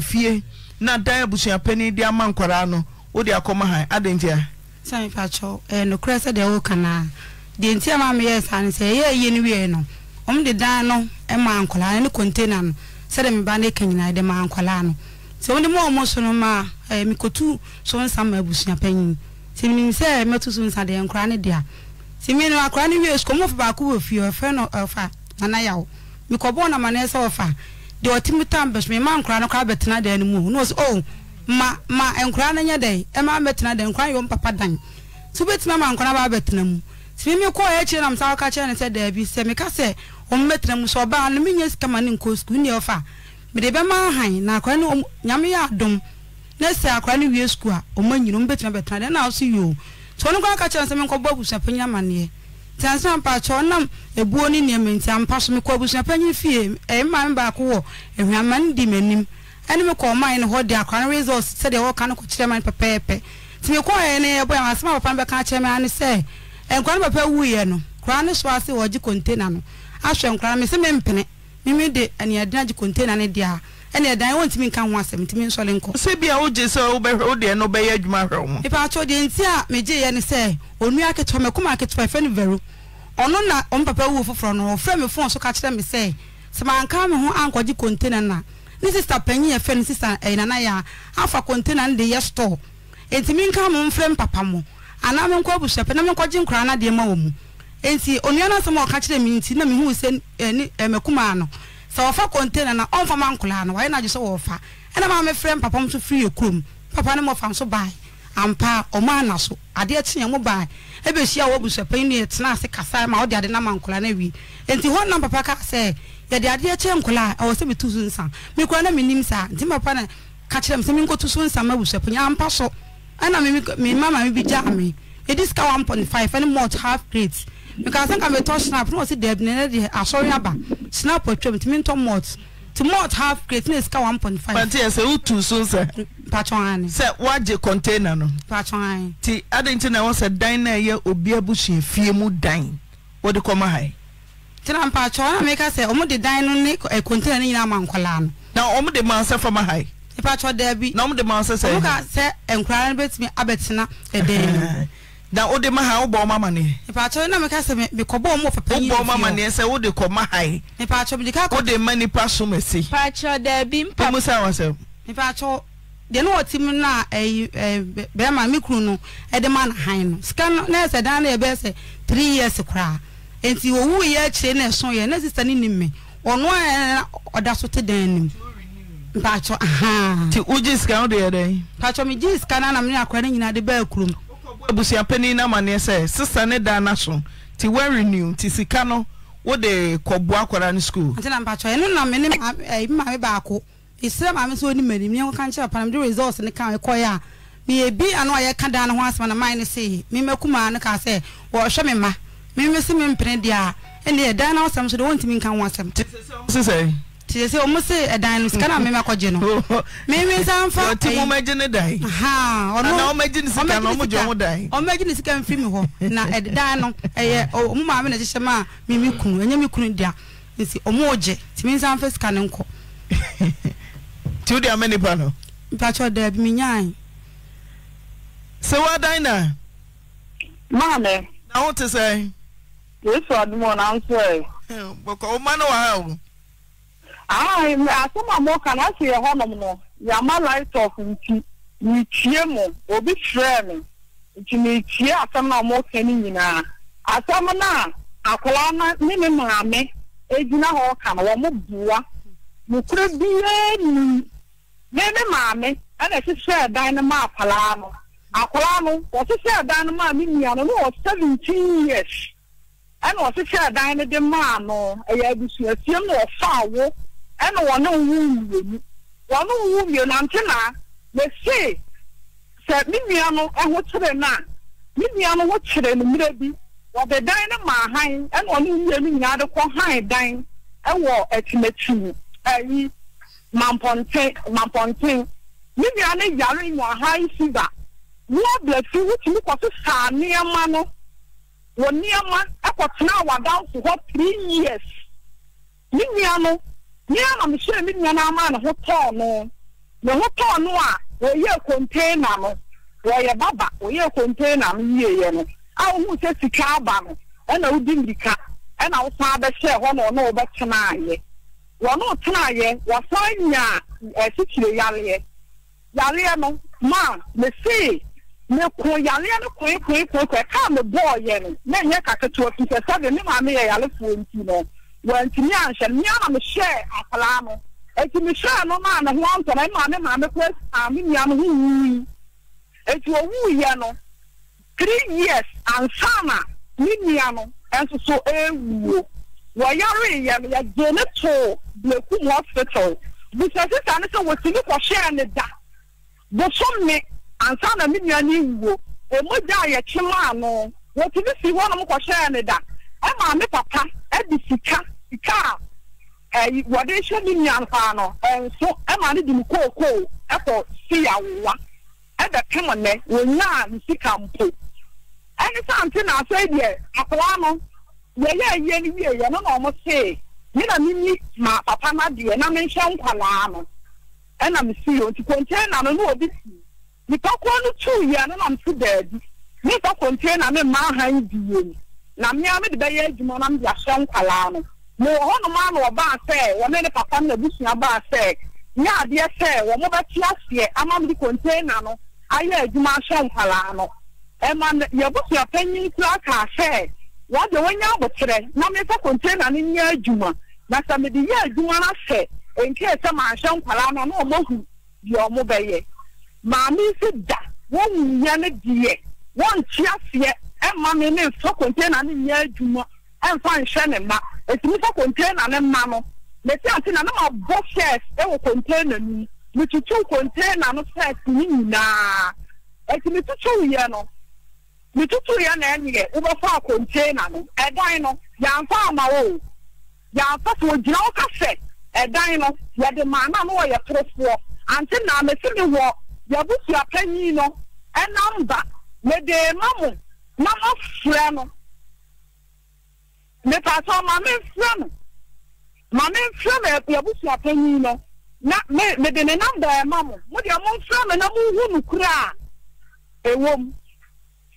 na dan abusua de ama no wode akɔma han adɛn ntia sane pakyɛw eh, nokorɛ sɛ deɛ woka naa deɛ ntia ma meyɛɛ saa no sɛ ɛyɛ ayie no wiei no ɔmde dan no ma nkɔlaa no ne container no sɛdeɛ meba no ka nyinaa de ma nkɔlaa no sɛ wode ma ɔmo so no ma eh, mekɔtu so nsa ma abusua panyin sɛ menim sɛ mɛto so nsa deɛ nkora ne dea sɛ meno akora no wie sukɔ mɔfa baako wɔ fie ɔfrɛ no ɔfa nanayaw mekɔbɔɔ namaneɛ sɛ ɔfa deɛ ɔte mu tam bɛso mema nkora no kora bɛtena daa no mu na ɔsɛ o oh, ma ma nkwaraa no nyɛ dɛ ɛma mɛtena dɛ nkwaraa yɛ wɔn dan so bɛtena ma nkwaraa ba bɛtena mu sɛ mi kɔɔ akyire nam saa ɔka kyerɛ ne sɛ daabi sɛ meka sɛ wɔn bɛtena mu sɛ ɔbaa no menyɛ sika ma ne nkɔ sukuu ne ɔfa mede bɛma ahan na akwaraa no nyame yɛ adom na sɛ akwaraa no wie sukuu a wɔn anyini wɔn bɛtena bɛtena dɛ na ɔso yie o so ɔno kɔɔ aka kyerɛ ne sɛ menkɔbɔ abusuapanyin amanneɛ tiansan mpatsɔ nam ebuo ne nneɛma nti ampa so mekɔ abusuapanyin fie ɛyɛ maame baako wɔ ehwɛaman di m'anim ɛne me kɔɔ no hɔ de akora no result sɛdeɛ wɔka no kɔkyerɛ ma no pɛpɛɛpɛ nti mekɔɔɛ no yɛbɔ asɛm a papa no bɛka sɛ nkora no no no ase no ahwɛ nkora no me sɛ mempene de aneadena gye kontena no deɛ a ɛne ɛdan wɔntumi nka ho asɛm ntumi nsɔre nkɔ sɛ bia wogye sɛ wobɛhwɛ no wobɛyɛ adwuma hwɛ wo mu mepa deɛ nti a ne sɛ ɔnua aketewa mɛkoma aketewa ɛfɛ no ɔno na ɔmpapa wuo foforɔ no ɔfrɛ me so ne sista panyin yɛfɛ ne sista ɛnana yɛ a afa kɔntena no de yɛ store nti eh, mi nka mo nfrɛ mpapa mo anaa mi nkɔ abusua pɛ na mi nkɔ gye nkora na deɛ ma wɔ mu eh, nti onua no asɛm a ɔka kyerɛ mi nti na mi hu sɛ ɛni eh, ɛmɛkuma ano sɛ wɔfa kɔntena na ɔnfa ma nkora no wɔyɛ n'adwo sɛ wɔfa ɛna maa mi frɛ mpapa mo nso firi yɛ papa ne mo fa nso baa ampa ɔmo ana so adeɛ kyenyɛ mo baa ebehyia wɔ abusua panyin no yɛ tena ase kasa ma ɔde ade na ma nkora na wie nti hɔn na papa ka sɛ yɛde adeɛ kyerɛ nkɔla a ɛwɔ sɛ metu so nsa mekora na menim saa nti mapa na ka kyerɛ m sɛ menkɔtu so nsa ma abusuapo nya ampa so ɛna mema mama me bi gya me ɛdi sika 1.5 ɛne malt half grade mekaa sɛ nka metɔ snap na ɔse daabi ne deɛ asɔre aba snap atwam nti mentɔ malt nti half grade na sika 1.5 pate sɛ wotu so sɛ patwɔane sɛ woagye container no patwɔane nti ade nti na ɛwɔ sɛ dan na ɛyɛ obi abusua fie mu dan wɔde kɔma hae tena mpakyɛ ɔna meka sɛ ɔmo de dan no ne kontena e no nyinaa ma nkɔlaa no na ɔmo de maa sɛ fam ha yi mpakyɛ daabi na ɔmo de maa sɛ sɛ ɔmo ka sɛ nkwaraa no bɛtumi abɛtena ɛdan e mu na o de ma ha wobɔ ɔmo amaneɛ mpakyɛ na meka sɛ mekɔbɔ ɔmo papa yi wobɔ ɔmo amaneɛ sɛ wode kɔ ma ha yi mpakyɛ bi de ka kɔ wode ma nipa so ma si mpakyɛ daabi mpa ma na han no sika no na ɛsɛ dan no yɛ e bɛyɛ sɛ three years nti owu yɛ akyire na ɛso yɛ na sista ne nim me ɔno a ɔda so te dan nim mpatsɔ ahan. ti o gye sika o de yɛ dɛ. mpatsɔ mi gye sika na anam ne akɔrɔ ne nyinaa de bɛɛ kurom. abusua panyin na amaneɛ sɛ sista ne dan na so ti wɛri niw ti sika no o de kɔ bu akɔrɔ ne school. ati na mpatsɔ ɛno na mi ne eh, maa mi baako esira maame sɛ oni mɛri mi nkan kyerɛ panam de results ne kan ɛkɔ yɛ a mi ebi ano a yɛ ka dan ne ho asɛm na maa ne se mi mɛ kumaa ne ka sɛ wɔhwɛ mímí si mi mpene di a eh, ɛnni ɛdan náà ɔsɛm so de wɔn ti mi nka wɔn asɛm. sisan tiye sɛ ɔmo se ɛdan no sika na mɛmɛ akɔ gye no mɛmɛ nsan fa ɛyi ɔti eh, mo mɛgye ne dan ɔno ana ɔmɛgye ne sika na ɔmo gye ɔmo dan ɔmɛgye ne sika nfiri mi hɔ na ɛdan eh, no ɛyɛ ɔmo maame na ɛhyehyɛ mu a mɛmɛ kunu ɛnyɛ mi kunu dia nti ɔmo gye tìmɛ nsan fa sika ne nkɔ. tí o di amẹ nipa no. mpatsɔ dɛbi mi nyaa. sɛ wa dan na. maame. na o ti sɛ yesu ọdụm ọ na-nsọ ẹ. o ụma na wàhá o. ahụ m asọm a mụ ka na-asị ya hụ light of ya ma laịtọf nti n'itie mụ obi frɛ m nti n'itie asọm na mụ ka ni nyinaa asọm na akwara na ne ne maame egyina hɔ ka na wɔn bua n'okura biara ni ne ne maame ɛna ɛhyehyɛ ɛdan no ma akwara no akwara no wɔhyehyɛ ɛdan no ma ne nua no no wɔ seventeen years. ɛna ɔhyehyɛ dan no de maa no ɛyɛ esie na ɔfa awo ɛna wɔne nwu mmienu wɔne nwu mmienu ante na sɛ ne nua no ɛho kyerɛ no a ne nua no ho kyerɛ no mmerɛ bi wɔde dan no maa han ɛna ne nwu no nyinaa de kɔ han dan ɛwɔ akyinakyin ɛyi mampɔnten mampɔnten ne nua no yare wɔ han fever wɔn abirɛfi wotumi kɔ so saa nneɛma no wɔ nneɛma. akɔtena awadamfo hɔ three years ne nua no n'ihe na mehyɛ me nua no ama no a wɔyɛ container no wɔyɛ baba wɔyɛ container no yieɛ no a wohu sɛ sika aba no na ɔno wɔbɛtena nya eh, no maa me ko yare no koe koe koe koe ka me bɔɔ yɛ no na nyɛ kaketewa fi sɛ sɛde ne maame yɛ yarefoɔ nti no wantumi anhyɛ no nea na mehyɛɛ akwalaa no eti mehyɛɛ no maa ne ho antɔna ɛma me maame ko a me nua no ho wui eti owuiɛ no three years ansana me nua no ɛnso so ewuo wɔyare yɛ no yɛgye ne too blekum hospital busasisa ne sɛ wɔtumi kɔhyɛɛ ne da bosom ansa na me nua ne wuo mogya a yɛkye maa no wɔtumi si hɔ nom kɔhyɛɛ ne da ɛma me papa ɛde sika sika a wɔde hyɛ me nua paa no ɛnso ɛma ne de mu kookoo ɛkɔ si awowa ɛbɛpem nnɛ wɔnyaa ne sika mpo ɛne sante na asɛ deɛ akoa no yɛyɛ ayie no wie yɛ no na ɔmo see me na menni ma papa no adeɛ na menhyɛ nkwalaa no ɛna si o nti kɔntɛn na no obi si nipakuo no tu yia no nam si baabi ne nfa kɔntire na me mmaa han di yie na mmea me de bɛyɛ adwuma na me de ahyɛ nkwalaa no na wɔ hɔnom a na ɔbaa sɛ wɔne ne papa no abusua baa sɛ nyɛ adeɛ sɛ wɔn bɛte aseɛ ama me de kɔntire na no ayɛ adwuma ahyɛ nkwalaa no ɛma yɛbusua panyin kura kaa sɛ wɔde wɔnyɛ abotire na me nfa kɔntire na no nyɛ adwuma na sɛ me de yɛ adwuma no ahyɛ nkeesɛ maa hyɛ nkwalaa no na wɔn ahu deɛ wɔn bɛyɛ maame nso da wɔn nyɛ ne deɛ wɔn ti aseɛ ɛma mi ne nfa kɔntena ne nyɛ adwuma ɛnfa nhwɛ ne ma etumi fa kɔntena ne ma no mɛti ase na ne ma bɔ shells ɛwɔ kɔntena mu metutu kɔntena no shells ne nyinaa eti metutu yɛ no metutu yɛ na ɛnyɛ wobɛfa kɔntena no ɛdan no yɛnfa ama wo yɛnfa so ogyina wo kasɛ ɛdan no yɛde maa na no wɔyɛ torofoɔ ante na amesi mi wɔ. yabusua panyin no ɛnam ba mede ma mo na mo frɛ no mepatɔ oh, maame nfrɛ no maame nfrɛ no yabusua panyin no na me mede ne namba ɛma mo mo deɛ mo nfrɛ no na mo hu no kura a ɛwɔ mu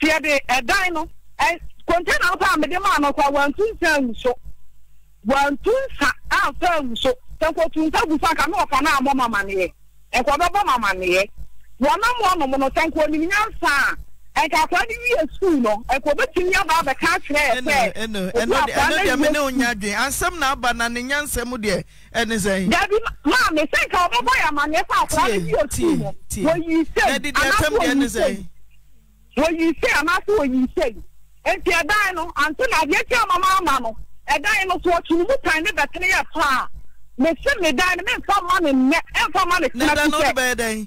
tie de ɛdan no ɛ kɔntɛna pa a mede maa no kɔ wantu nsa nso wantu nsa a nsa nso sɛ nkɔtu nsa gu fa ka na ɔfa na amɔ mama bụ nkɔbɛbɔ mama neɛ. wɔnam e wɔnom no sɛ nka onim nyansa a nka akora no wie sukuu e e no ɛkɔ obɛtumi aba abɛka akyerɛ ɛ sɛ ɛno deɛ me ne wo nya adwen asɛm na aba na ne nyansa mu deɛ ɛne sɛn dabi maame sɛ nka wɔbɛbɔ yɛ amanneɛ sɛ akora no wie sukuu no wɔyi sɛi anaasɛ wɔyi sɛi wɔyi sɛi anaasɛ wɔyi sɛi nti ɛdan no anto na adeɛ kyerɛ mama ama no ɛdan no so ɔtwe mu tan ne bɛtene yɛ paa mesi me dan no memfa ma ne nnɛ ɛmfa ma ne tena ti sɛ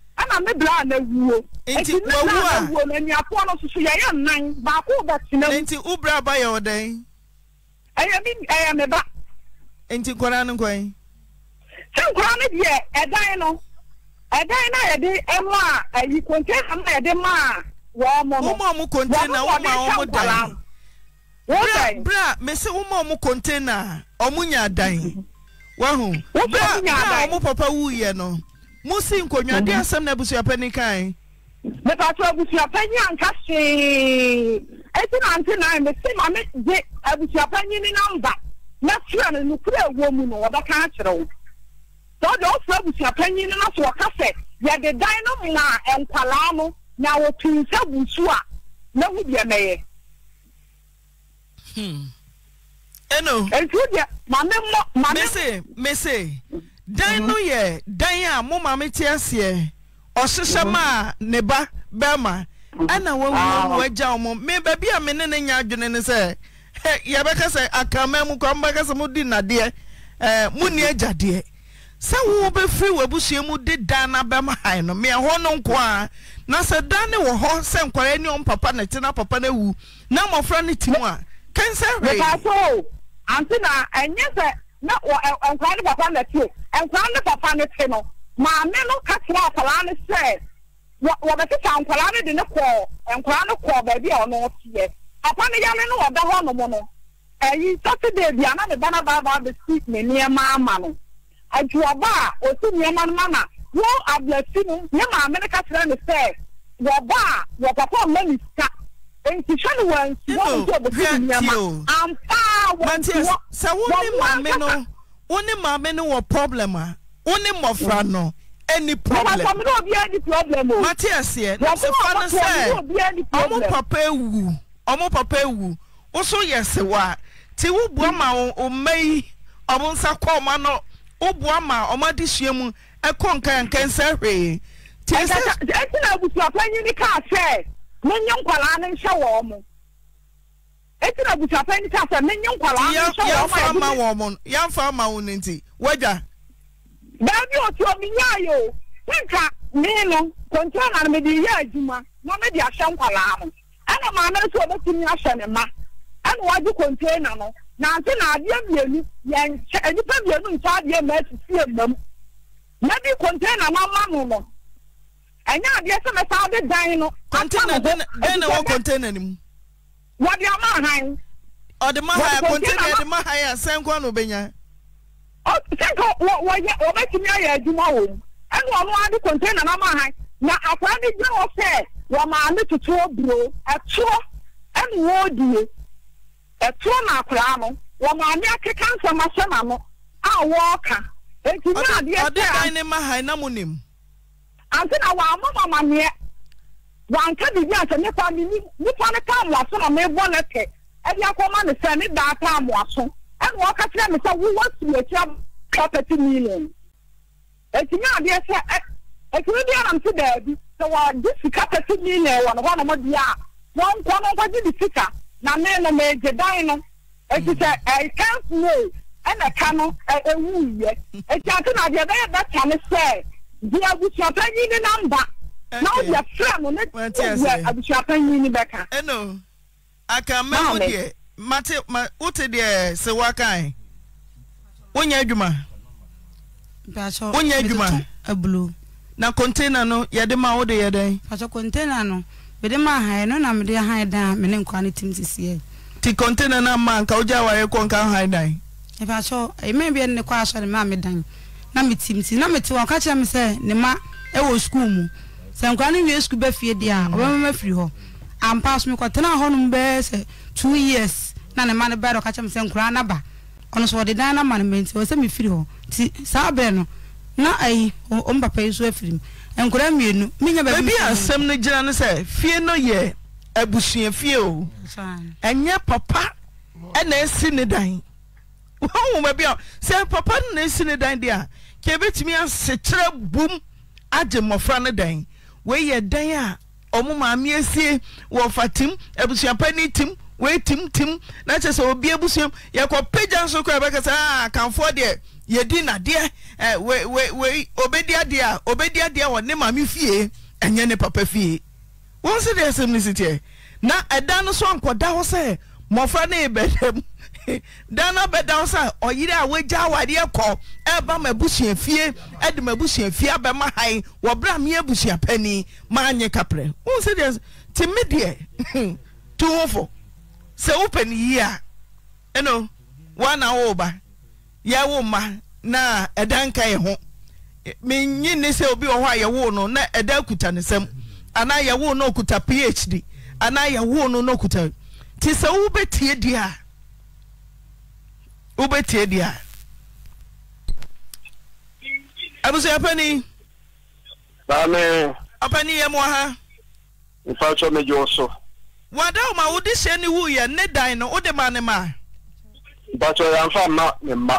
ɛna ne bla a n'ewuo eti ne bla a n'ewuo na enyafo no soso yɛyɛ nnan baako bɛ tena mu nti ubra ba yɛ ɔdan ɛyɛ mi ɛyɛ mi ba nti nkwadaa no nkwan sɛ nkwadaa no deɛ ɛdan no ɛdan no a yɛde ɛmo a ɛyi yɛde ma wɔn mo no wɔn mo kɔntena wɔn mo a wɔn dan bra bra mesi wɔn mo kɔntena wɔn nya dan wɔn papa no. musi nkonnwa de asɛm na abusuapɛni kan. mepatro abusuapɛni anka hwee eti nante nan mi si maame de abusuapɛni ni namba na tura no nukuri ewo mu no ɔbɛka akyerɛ wo sɛ ɔde ɔfura abusuapɛni no na so ɔka sɛ yɛde dan no ma nkwalaa no na wotu nsa busu a na hu deɛ mɛyɛ. ɛnu. Hmm. etu deɛ maame mmɔ maame. mese mese. dan no yɛ dan a mo maame te aseɛ ɔhyehyɛ ma a ne ba bɛrima ɛna wawu wagya wɔn me baabi a me ne ne nya adwene ne sɛ yɛbɛka sɛ akama mu kɔ mbɛka sɛ mo di nadeɛ ɛɛ mo ni agya deɛ sɛ wo bɛfiri w'abusua mu di dan na bɛrima hae no mea hɔ no nko a na sɛ dan ne wɔ hɔ sɛ nkwaraa ne ɔn papa na te na papa ne wu na mmɔfra ne ti mu a kɛnsɛ hwee. nipa so ante na ɛnyɛ sɛ na nkwaraa ne papa na ti o. nkwadaa ne papa ne te no maame no ka kyerɛ akwadaa no sɛ wɔbɛkeka nkwadaa no de ne kɔɔ nkwadaa no kɔɔ baabi a ɔno teɛ papa no yame no ɔda hɔnom no ɛyi saturday bi ana ne ba na baaba abɛsi ne nneɛma ama no adwuaba a osi nneɛma no ma na wɔn ablasi no ne maame no ka kyerɛ no sɛ wɔba a wɔpapa ɔma ne sika nti hwɛ no wɔn nsi wɔn nti ɔbɛsi nneɛma ampa wɔn wɔn wɔn wɔn wo ne maame no wɔ problem a wo ne mmɔfra no any problem. Mama sọ mi n'obi ẹni problem o. Mati ẹsẹ̀ ṣe fana sẹ́ ọmọ papa ewu ọmọ papa ewu wosọ yẹ sewa ti wo bu ama ọmọ yi ọmọ nsa kọ ọmọ anọ wo bu ama ọmọ adi sua mu ẹkọ nkankan nsẹ hwee. Ẹ ti na ebusuafo enyi ni kaa sẹ, mo nye nkwalaa ni nhyɛ wɔ ɔmo. eti na busuafo ni sasa ne nye nkwala ahụ sọ wọn ma ebi. yamfa ama wọn mụ yamfa ama wọn ne nti waja. beebi otu omi nye ayo o nka mmiri kọntena na mmiri ihe adwuma na mmiri ahyɛ nkwala ahụ ɛna maame nso a obetumi ahyɛ ne mma ɛna wagye kọntena no na na adeɛ mmienu yɛn nkyɛ nnipa mmienu nkyɛ adeɛ mma esisi mma mu na bi kọntena no ama no no ɛnyɛ adeɛ sɛ mɛsa ɔde dan no. kọntena dɛn na wɔ kọntena na mu. wɔde ama han. ɔde ma ha kɔntena ɛde ma ha ya sɛn nkwa na obenya. sɛnka wɔyɛ wɔbɛtumi ayɛ adwuma wɔ mu ɛna ɔno ade kɔntena na ma han na akwara ne gyina Wọ sɛ wɔmaame toto oburo ɛtoɔ ɛna die ɛtoɔ na akwara no wɔmaame akeka nsɛm ahyɛ n'ano a wɔreka eti mu adeɛ sɛ ɔde dan ne ma ha na mụ nim. ante na wɔn ama mamaneɛ. wanka a nipa ni nipa ne ka amu aso na mo ebɔ lɛtɛ ɛdi akɔma ne sɛ ne daa a amu aso ɛna ɔka kyerɛ mi sɛ wowɔ si ekyir property million etimi adeɛ sɛ ɛ e, bi anam ti sɛ sika million na mo di a wɔn nkɔ no nkɔ sika na ne no egye dan no sɛ ɛyɛ e, e, ka no yɛ eti ati na adeɛ bɛyɛ ne sɛ di panyin ne na ọ dị afra no na ewu abusuafa yi ni bɛka. ɛnno eh, aka na container no yɛde ma wode yɛ dɛn. pàṣẹ container no mede ma ahan no na mede ahan dan a mene nkwa ne tim sisi yɛ. container na ma nka wogya awaare kɔ nka ahan dan. pàṣẹ ɛmɛ bi ɛni ne kɔ ahyɛ ne ma mi dan na mi ti na mi ti ɔka kyerɛ mi sɛ ne ma ɛwɔ mu. sɛ nkoraa no mwie suko bɛ fie deɛ a mm. ɔbɛama firi hɔ ampa somtenahnom sɛ t years maabia sɛm no gyina no sɛ fie no yɛ abusua fie o nyɛ papaiapaiɛbɛtumi sekyerɛ o aye mmfra no wei yɛ dan a ɔmo maame esie wɔfa tim abusuapa ni tim wei tim tim na kyerɛ sɛ obi abusua yɛkɔ pagya nso kora yɛbɛkasa aa ah, kanfoɔ deɛ yɛdi nadeɛ ɛ wei wei wei obedi adeɛ a obedi adeɛ wɔ ne maame fie ɛnyɛ ne papa fie wɔn nso deɛ asɛm ne si teɛ na ɛdan no so ankɔda hɔ sɛ mɔfra no yɛ dana bɛdan sa ɔyere a wagya awareɛ kɔ ɛba m'abusuafie ɛde m'abusuafie abɛma han wɔberɛ a me abusua pani maanye kaprɛ wohu sɛ deɛ nti me deɛ to wo fo sɛ wopɛ no yie a ɛno woana wo ba yɛ wo mma na ɛda nka yɛ ho menyi ne sɛ obi wɔ hɔ a yɛwo no na ɛda kuta ne sɛm anaa yɛwo no okuta phd anaa yɛwo no na okuta nti sɛ wobɛtie deɛ a wobɛtie deɛ a abusua pani ame yɛ moa ha mfa kyɛ megye wo so wada ma wode hyɛ ne wuyɛ ne dan no wode ma ne ma mpakyɛ uh, yɛamfa mma ne mma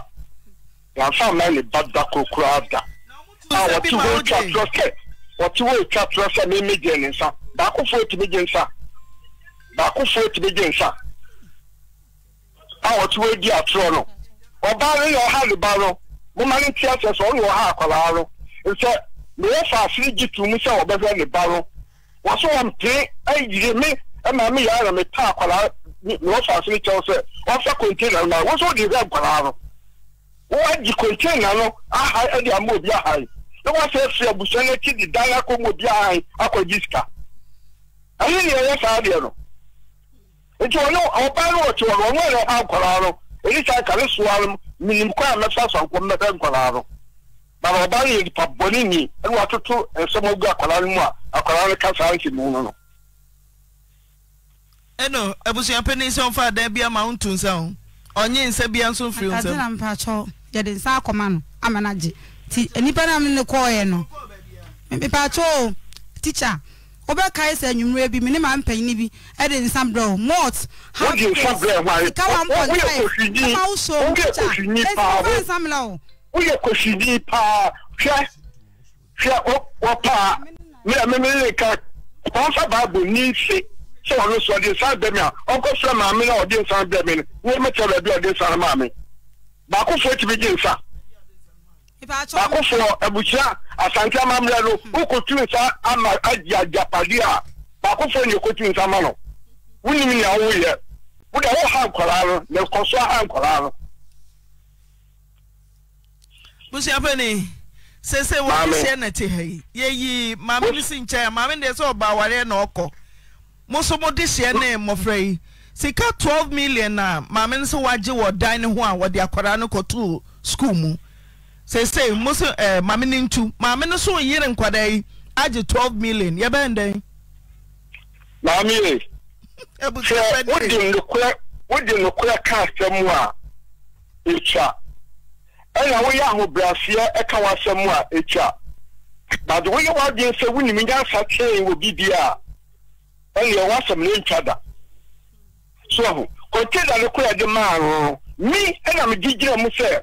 yɛamfa mma ne ba da kokoraa ada. a ah, wɔte hɔ twatorɔ sɛ wɔte hɔ twatorɔ sɛ memegye ne nsa gye nsa gye nsa wɔto adi ha no ɔbaa no yɛ ɔha ne ba no moma no nte akwara arụ nse ɔha akwaraa no nsɛ meyɛ faase gye to mu sɛ wɔbɛhwɛ ne ba no wɔso ya me ma me na metaa akwaraa mewɔ faase no no ama obi na wɔsɛ afiri abusua no akyi dan obi saa nọ. nti ɔno ɔbaa no ɔte hɔ no ɔno yɛ ha nkwaraa no ɛni saa kare soa no minim kwan a mɛfa so nkɔm mɛfɛ nkwaraa no mana ɔbaa no yɛ nipa bɔne ni ɛna watoto nsɛm agu akwaraa no mu a akwaraa no ka saa nsi mu no no. ɛno abusua panin sɛ ɔmfa adan bi ama wo ntu nsa ho ɔnye nsa bia nso mfiri wo nsam. akadena mpakyɛw yɛde nsa akɔma no ama no agye nti nnipa no a me ne kɔɔeɛ no mepakyɛw tikya wobɛkae sɛ anwummerɛ bi mene ma mpanyine bi ɛde nsa brɛ wo mort sika wa mpɔnkama wo so ɛsifa nsa mla wo woyɛ kɔhyini paa hwɛ hwɛ wɔpaa mmerɛ meme ne ka ɔmfa bible ni nse sɛ ɔno so ɔde nsa bɛ me a ɔnkɔfrɛ maame na ɔde nsa bɛ me no wɔmɛkyɛ baabi a ɔde nsa no maame baakofoɔ tumi gye nsa bakofoɔ abusua asante amammerɛ no wokɔtumi nsa ama agye a bakofoɔ ne ɛkɔtumi nsa ma no wonim nea woyɛ wode woha nkwaraa no na ɛkɔ so aha nkwaraa no busuapani sese wɔhyɛ na te ha yi yɛyi maame no si nkyɛn a maame deɛ sɛ ɔba awareɛ na ɔkɔ mo so mo de hyɛ ne mmɔfra yi sika twelve million a maame no sɛ wagye wɔ dan ne ho a wɔde no kɔtoo mu seisei mo so eh, mame no ntu maame no so yiri nkwadaa yi agye 12 million yɛbɛn dɛn maame ye sɛ wodi nokora wodi nokora ka asɛm a etwa ɛna woyɛ ahobrɛaseɛ ɛka w'asɛm a etwa bade woyɛ w'adwen sɛ wonim nyansa kyee wɔ bibi a ɛne ɛwɔ asɛm no ntwa da so ho kɔntena no kora de maa no me ɛna mu sɛ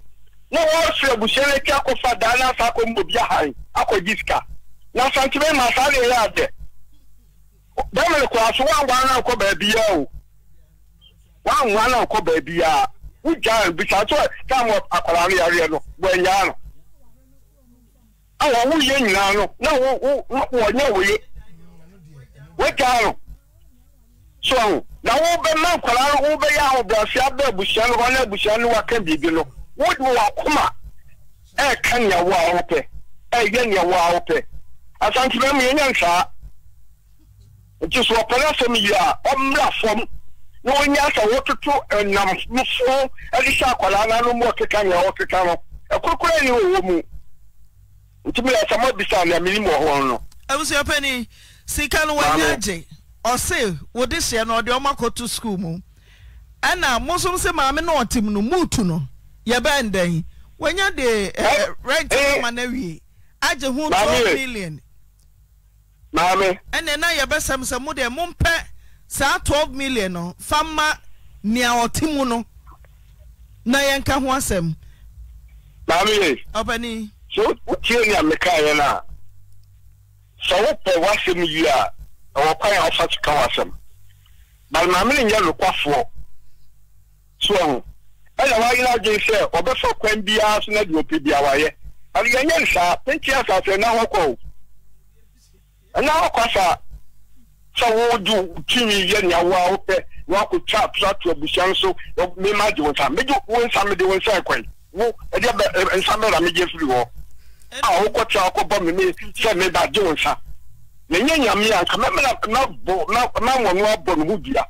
na wɔn fi ebusie eti akɔ fada na asa obi ahan akɔ gyi sika na santime ma saa na eya adɛ na baabi ya o na baabi ya tam e, no e no a wɔn ihe nyinaa no na wɔ wɔnyɛ wɔyɛ wɔgya no so na wɔbɛma nkwadaa ya wɔbɛyɛ ahobrɛase abɛ abusua no hɔ na abusua nwa waka biribi no. wode wɔ akoma ɛɛka nea wo a wopɛ ɛyɛ nea wo a wopɛ asantena mu yɛnya nsaa nti so ɔpɛne asɛm yi a ɔmmra fam na wɔnya sɛ wototo ɛnam mfo ɛde hyɛ akwadaa no ano mu ɔkeka nea ɔkeka no ɛkorokora ne wɔwɔ mu nti meyɛ sɛ mabisa nea menim wɔ hɔ no abusuapani sika no wanya agye ɔse wode hyɛ no ɔde ɔma akɔto mu ɛna mosom sɛ maame no ɔtem no muutu no yɛbɛn dɛn wɔnya de eh, eh, eh, rent ama na wie agye ho two million. maame. ɛnna na yɛbɛsɛm sɛ mo deɛ mo mpɛ saa twelve million no fa ma nea ɔte mu no na yɛnka ho asɛm. maame ye. ɔbɛni. sɛ o tie ni ameka yɛn na sɛ o pɛ w'asɛm yi a ɛwɔ kwan a ɔfa ti ka w'asɛm bali maame ni nyɛ lukwafoɔ so ɔho. ɛna wayere agye sɛ ɔbɛfa kwan biara so na deɛ ɔpɛ bia wayɛ ade nye nsaa penti asase na hɔ kɔ o ɛna hɔ kɔ sa sɛ wode tumi yɛ nea woa wopɛ na nso mema gye wo nsa megye wo nsa mede wo nsa wo nsa mɛra megye firi hɔ a wokɔtra wokɔbɔ sɛ wo nsa nka no abɔ no dua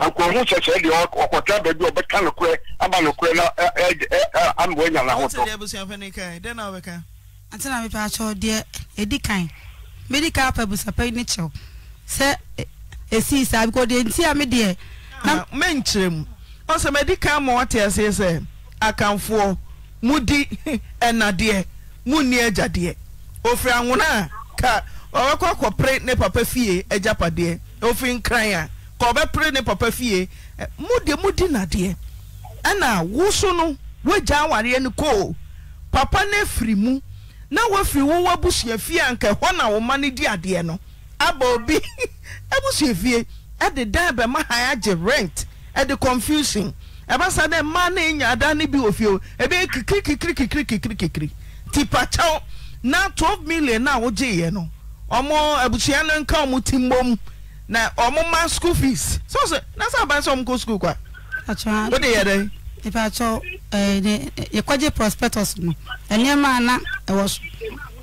nkurɔfo kyerɛkyerɛ deɛ ɔkɔtɛ abɛbi ɔbɛka nokorɛ aba nokorɛ na ama wanya n'ahotɔ. ante na mepɛ akyɛw deɛ ɛdi kan medi ka apɛ busapɛ ne kyɛw sɛ ɛsii saa bikɔ deɛ nti a me menkyerɛ mu ɔsɛ madi ma ɔte aseɛ sɛ akamfoɔ mudi ɛnadeɛ munni agyadeɛ ofiri anwona a ka ɔbɛkɔ ne papa fie agyapadeɛ ofiri nkran a ka ɔbɛpere ne papa fie mudeɛ mudi nadeɛ ɛna wo so no woagya awareɛ no koo papa n'efiri mụ mu na woafiri wowa abusuafie a nke hụ na ụma ma no di adeɛ no aba obi abusuafie ɛde dan bɛma ha agye rent ɛde confusion ɛbasa dɛ mmaa na ɛnya ada no bi wɔ fie ɛbɛyɛ kikirikikirikikirikikiri tipakyɛw na 12 million na ya no ọmụ abusua no nka ɔmo ti mbom na ọmụ ma school fees so so na sa aban sọ ọmụ kọ school kwa o de yẹ dẹ. ipa atọ ẹ yẹkọgye prospectus no e, nneema ana ẹwọ e, so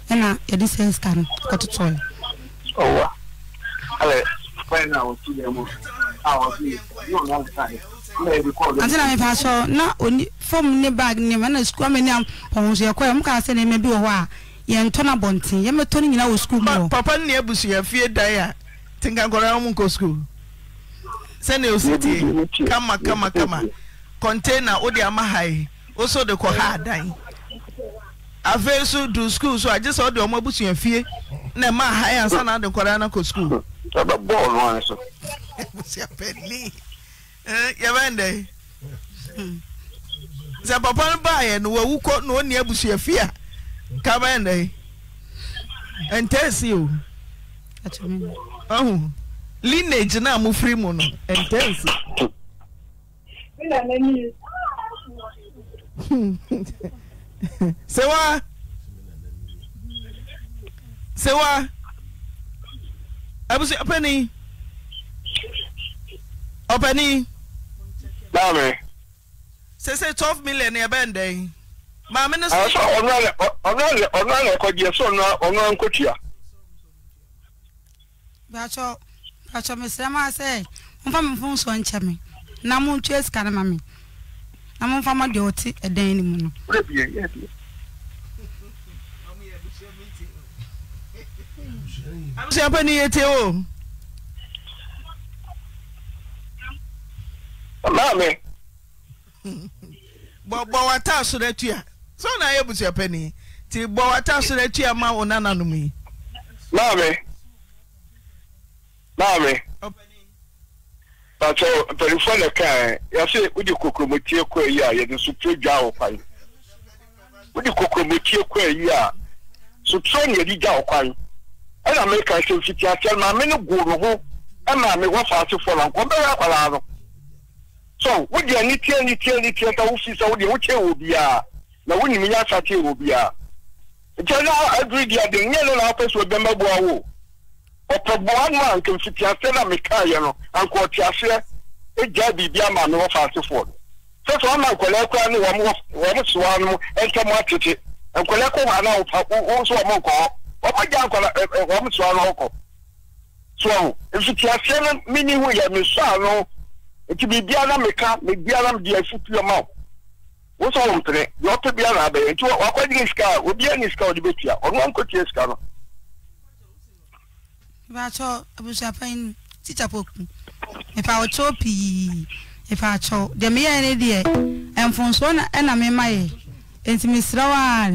ẹna yẹde sẹ sika no ọtọtọ yẹ. ọwọ alẹ fẹn na ọtí yẹ mu a ọtí yẹ yóò náà nta yẹ ante na mefa sọ na oni fom ne bag ne ma na sukuu ama ne am pɔn so yɛ kɔ yɛ mu kaa sɛ ne ma bi wɔ hɔ a yɛn tɔ na bɔnten yɛn mɛ tɔ ne nyinaa wɔ sukuu mu wɔ. papa ne abusua fie dan a te nka nkɔdaa mu nkɔ sukuu sɛnea osi tie kama kama kama kɔntena wode ama ha yi woso de kɔ ha adan afei nso du sukuu so agye sɛ ɔde ɔmo abusua fie na ɛma ha yi ansa na ade nkɔdaa no kɔ sukuu. ɛbɛ bɔɔl wan so. ebusia pɛni yɛbɛ ndɛ sɛ papa no baa yɛ no wawu kɔ na ɔni abusua fie a kabɛ ndɛ ntɛɛsi o ọhụ lineage na amụfiri mụ nọ intense. Hmm. sewa sewa abusi ọpẹni ọpẹni. maami. sese twelve million yẹ bẹ́ẹ̀ ndẹ́yìn maami ni. ọ̀nà ọ̀nà ọ̀nà ọ̀kọ̀ jẹ́ sọ̀nà ọ̀nà nkọ́tìyà bàtọ bàtọ mesrɛ mu asɛ momfa me mfo nso nkyɛ me na montua sika no ma me na momfa ma deɛ ɔte ɛdan no mu no abusuafo ni yɛ tie o. maame. bɔ bɔ wata asọrọ etua sọ na ayé abusuafo ni ti bɔ wata asọrọ etua ma ọ nananom yi. maame. maame pàtó mpanyinfoɔ na kaa ya yɛsɛ ụdị kokoromotie yi a yɛde soturo gya wɔ kwan ụdị kokoromotie yi a soturo na yɛde gya wɔ kwan ɛna mɛka sɛ mfiti maame no gu ho ɛma me wɔ faase fɔ na nkɔm akwara akwadaa so wodi ani tie ni tie ani tie ta wofi sɛ wodi na wonim nyɛ asakyɛ wọ biara nkyɛn na aduru di adi nyɛ no na apɛ so ɔbɛn bɛboa wo. ọpọbọa no a nkemfitiaseɛ na mekaeɛ no anka ɔteaseɛ gyaa biribi ama me wɔfa asefoɔ no sɛ sɛ ɔma nkɔlɛɛ koraa ne wɔm soa no ɛntɛm atete nkɔlɛɛ kɔ hɔ anaa wo nso wɔm nkɔ hɔ ɔmagya wɔm soa no ɔkɔ so ɔho mfitiaseɛ no mene hu yɛ mesoa no nti biribia na meka mebia na mede afutuo ma wo wo sɛ wo mpene deɛ ɔpɛ bia na abɛyɛ nti wakɔgyere sika a obia ne sika wɔde bɛtua ɔno ankɔtua sika no mepatwɔ abusuapan tikya poku mepawɔtwɔ pii mepatwɔ deɛ meyɛɛ ne deɛ mfonsoɔ na ɛna mema yɛ nti mesrɛ wo a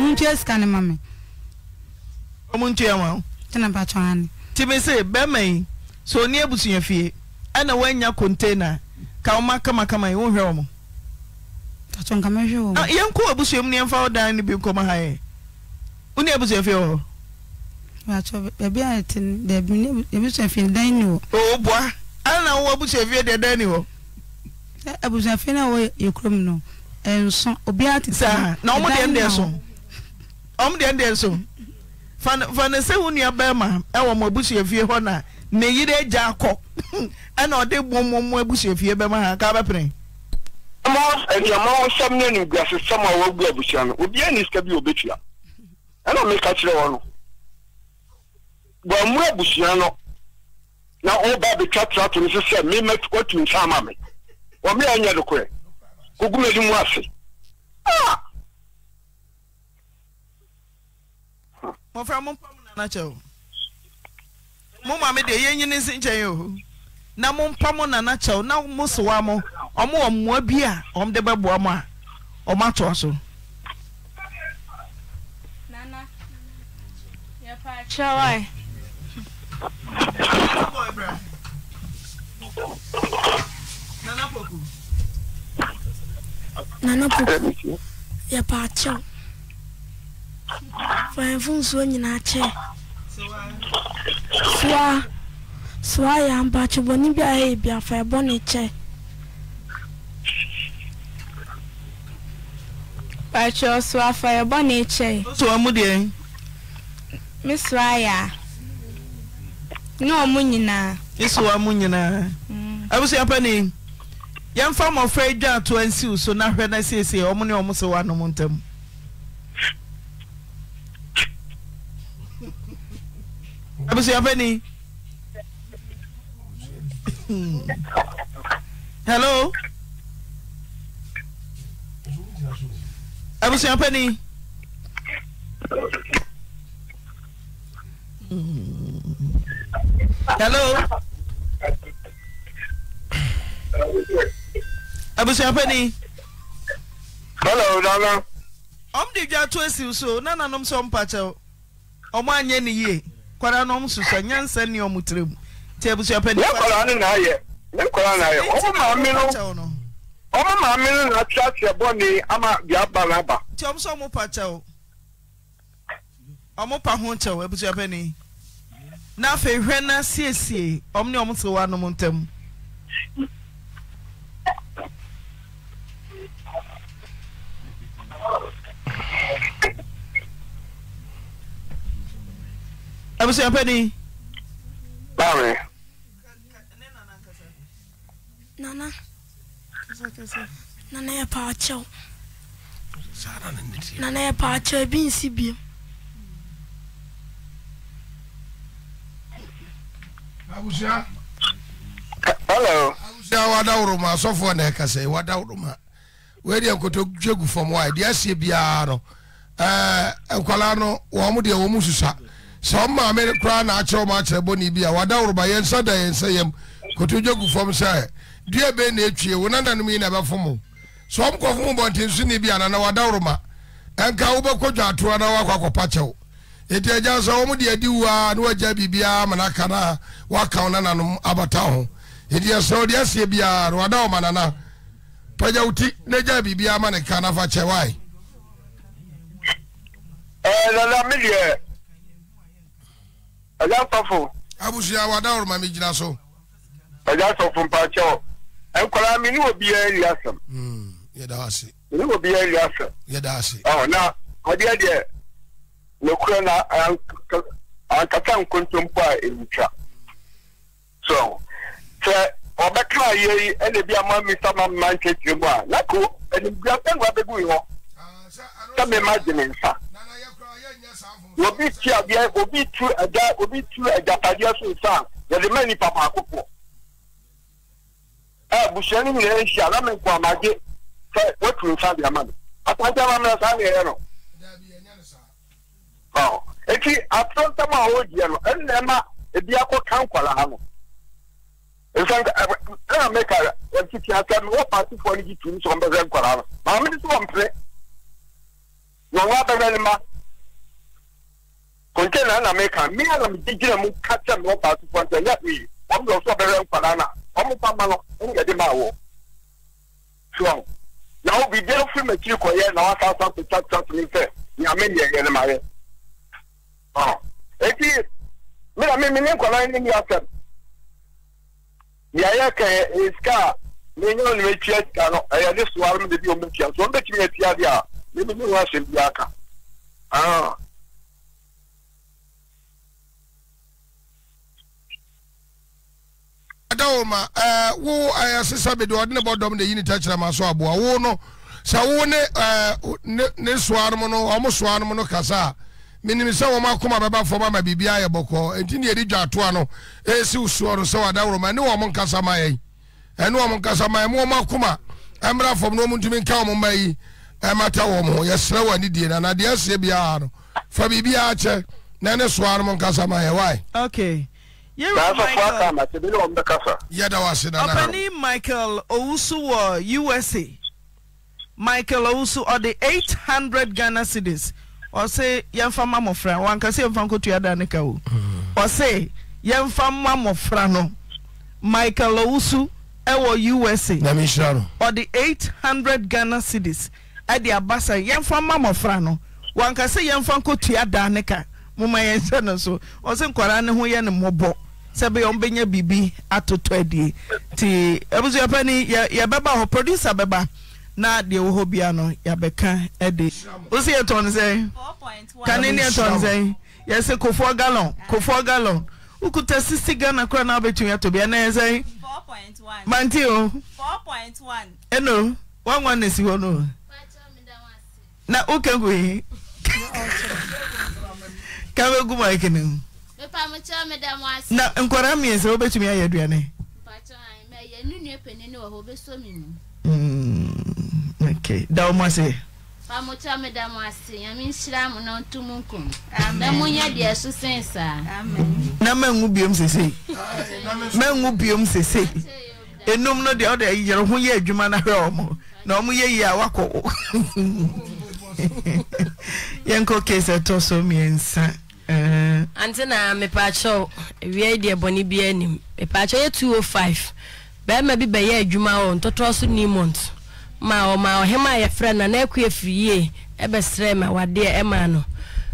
montua sika ne ma me ɔmontua ma tena patwɔ ane nti me se bɛma yi sɛ ɔni abusua fie ɛna woanya container ka woma kamakama yi wohwɛ wɔ mo yɛnkɔ abusua mu ne yɛmfa wo dan no bi nkɔma ha ɛ wone abusua fie wɔ hɔ macho ebe a yɛte no daabi ne abusuafie dan ni hɔ ɔwɔ boa ana wo abusuafie deɛ dan ni hɔ abusuafie no a wɔyɛ yɛ kurom no nso obiara tete saa na ɔmo deɛ ndeɛ so ɔmo deɛ ndeɛ so fanese wo nua bɛrima ɛwɔ mo abusuafie hɔ na ne yiri agya akɔ ɛna ɔde bɔmmɔmmɔ abusuafie bɛrima ha kaa bɛpere ɛmɔ ɛdiɛmɔ nsɛm ne ne guasesɛm a wɔagu abusua no obiara ne sika bi obɛtua ɛna ɔmeka kyerɛ wɔn no wɔmmura abusua no na ɔba abɛtwa trato no so sɛ mema otu nsa ama me wɔmmra anyɛ nokorɛ kogum ani mu ase mɔfra ah! mompa mu nanakyɛ o mo maame deɛ yɛnyini nsi nkyɛn o na mompa mo nanakyɛ na mo sowa mo ɔmo a de a so Nana, nana poku yɛpɛ akyɛw fanyɛfo nsuo nyinaa kyɛ soa soa yɛ ampakye bɔne bi a ɛyɛ bia fa ɛbɔ ne kyɛ pakyɛ soa fa yɛbɔ ne kyɛ soa mu deɛ me soa yɛ ne ɔmo nyinaa yesu wa mo nyinaa mm. abusuapa ni yɛmfa mmɔfra adwa ato ansiw so na hwɛ na siesie ɔmo ne ɔmo so wa nom ntam abusuapa ni hello abusuapa ni. Mm. hello abusuapani hello nana ɔm de dwa to asiw so na nanom sɛ kwara no ɔm susua nyansa ne ɔmo tiri mu nti abusuapani na ayɛ ne kwara na ayɛ no no na atwa aseɛ ama na pa na afei na siesie ɔm ne ɔm te wa nom ntam abusua pani maame nana nana yɛ paakyɛw nana yɛ paakyɛw ebi nsi biem abusua. hello. abusua wadawuruma asɔfo na nkotodwe gu fam wa deɛ asie biara no ɛɛ no wɔn deɛ wɔn sɛ wɔn maame koraa na akyerɛ wɔn akyerɛ bɔ bi a yɛn nsa da yɛn nsa yɛm nkotodwe gu fam sɛ dua na etwie wɔn yi na ɛbɛfo sɛ wɔn kɔfo bɔnten so bi a nana nka dwa atoa na akɔpa kyɛw. eti agya sɛ wɔn deɛ di wu a na wɔagya biribiara ma n'aka na wɔaka wɔn nananom abata ho eti ɛsɛ ɔde asie biara na wɔada wɔn nana pagya wo ti na agya biribiara ma ne ka na fa kyɛ wae. Eh, ɛɛ nana mi deɛ ɛgya mpafo. abusua wɔada wɔn ma gyina so. ɛgya sɔfo mpakyɛw nkwaraa mi ni obiara ri asɛm. Hmm, yɛ da ase. mi ni obiara ri asɛm. yɛ da ase. ɔ oh, na adeɛ deɛ nokorɛ na ankasa nkonto mpo a ɛwutwa so sɛ ɔbɛka ayɛ yi ɛna bi ama mi sama mma nkyɛkyerɛ mu a na ko animdua sɛngo abɛgu yi hɔ sɛ mema gye ne nsa obi tu adeɛ obi tu agya obi tu agyatadeɛ so nsa a yɛde ma nipa baako poɔ ɛ busua no nyinaa nhyia na me nko amagye sɛ watu nsa de ama no atagye ama mmerɛ saa ne ɛyɛ no echi asọntam ji wọgye no ɛnna ebi nkwara ha ọ na ɔno abɛhwɛ ne ma kɔnkye na ɛna meka mmea na megyegyina mu ka kyɛ me ọ paasifoɔ ọ nyɛ hwee wɔn ọ a wɔn fa ma no ọ obi bi afiri m'akyiri kɔyɛ na wasa asa akɔtwa twa Ah. eti mina mi mi ni nkɔla ni mi asɛm yɛayɛ kɛ eh, sika mi nye wɔn mi tia sika no ɛyɛ de so mi de bi wɔn mi tia so wɔn bɛ tumi etia de a mi mi ni wɔn asɛm bi aka aa. Ah. ɛda wo ma ɛɛ eh, wo ɛɛ eh, sisan bi de ɔde ne bɔ dɔm de yi ni tɛ kyerɛ ma so aboa wo no sa wo ne ɛɛ ne ne soa no mu no ɔmo soa no mu no kasa menim sɛ wɔn akoma bɛba fam ama biribi ayɛ bɔkɔɔ nti ne yɛde dwa atoa no ɛsi usuo no sɛ wada woroma ɛne wɔn nkasa ma yɛ ɛne wɔn nkasa ma yɛ mo wɔn akoma ɛmra fam na wɔn ntumi nka wɔn mma yi ɛmata wɔn ho yɛsrɛ wɔn anidie na na deɛ ɛsɛ biara no fa biribi akyɛ na ɛne soa no mo nkasa ma yɛ wae. okay yɛda wase nana ɔpɛni michael owusu wɔ usa michael owusu ɔde eight hundred ghana cedis. ɔsɛ yɛmfafaɛɔsɛ yɛmfam amɔfra no micael ousu wɔ usa ɔde 800 ghana cidies de abasa yɛmfam amɔfra no anka sɛ yɛmfa nkɔtu adaa ne ka moma yɛɛ no soɔs nkwaa ne hoyne mɔbɔsɛ bɛyɛɛya biribi aooadi niɛpɛne yɛbɛba hɔ produsa bɛba na deɛ wɔ hɔ bia no yɛabɛka de wosi yɛtɔn sɛn kane ne yɛtɔn sɛn yɛsɛ kofoɔ gallon kofoɔ gallon wokuta sisi ghana kora na wobɛtumi atɔ bia na yɛ sɛn manti o ɛno wanwa na si hɔ no na woka gu yi ka bɛgu mu akene mu na nkwaraa mmiɛnsa wobɛtumi ayɛ aduane Mm. ok da mo ase na nto na biom sese, manwu biom sese, enum no deɛ ɔde yɛrɛ ho yɛ adwuma no hwɛ ɔmo na ɔmo yɛ yie a yɛnkɔ ɛtɔ so mmiɛnsa eh. ante na mepaakyɛw deɛ bɔne anim mepaakyɛw yɛ 205 bɛrima bi bɛyɛ adwuma wɔ ntɔtɔ so ni ma ɔma ɔhema a yɛfrɛ no na ɛkɔ afiri yie ma wadeɛ ɛma no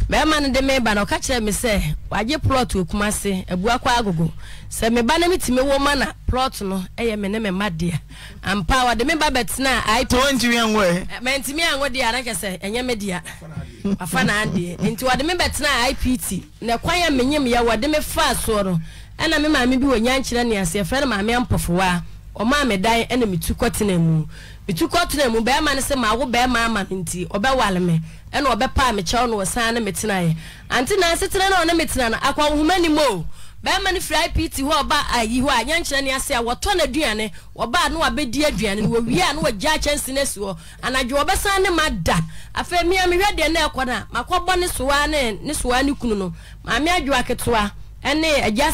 bɛrima no de me ba no ɔka kyerɛ me sɛ wagye se agogo sɛ me no wɔ ma na no ɛyɛ me ne me deɛ ampa wɔde me ba bɛtena a ip ntumi deɛ eh, anakɛ sɛ ɛnyɛ me dea na adeɛ nti wɔde me bɛtena a ipt na kwan a menyim yɛ wɔde me soɔ no ɛna me maame bi wɔ nyankyerɛ no maame ɔmaa mi dan ɛna mi tu kɔ tena mu mi tu kɔ tena mu bɛrima no sɛ maa wo bɛrima ama mi nti ɔbɛwale mi ɛna ɔbɛpa mi kyɛw na ɔsan ne mi tena yɛ ante na asetena na ɔne mi tena no akɔ nhoma ni mu o bɛrima no fira ipt hɔ ɔba ayi hɔ a nyɛnkyerɛ ne ase a wɔtɔ n'aduane ɔba no abɛdi aduane no wɔwie a no wɔgya kyɛnse no asi hɔ anadwo ɔbɛsan ne ma da afei mmea mehwɛ deɛ na ɛkɔ no a makɔbɔ ne soa ne ne soa ne kunu no maame adwo aketewa ɛne agya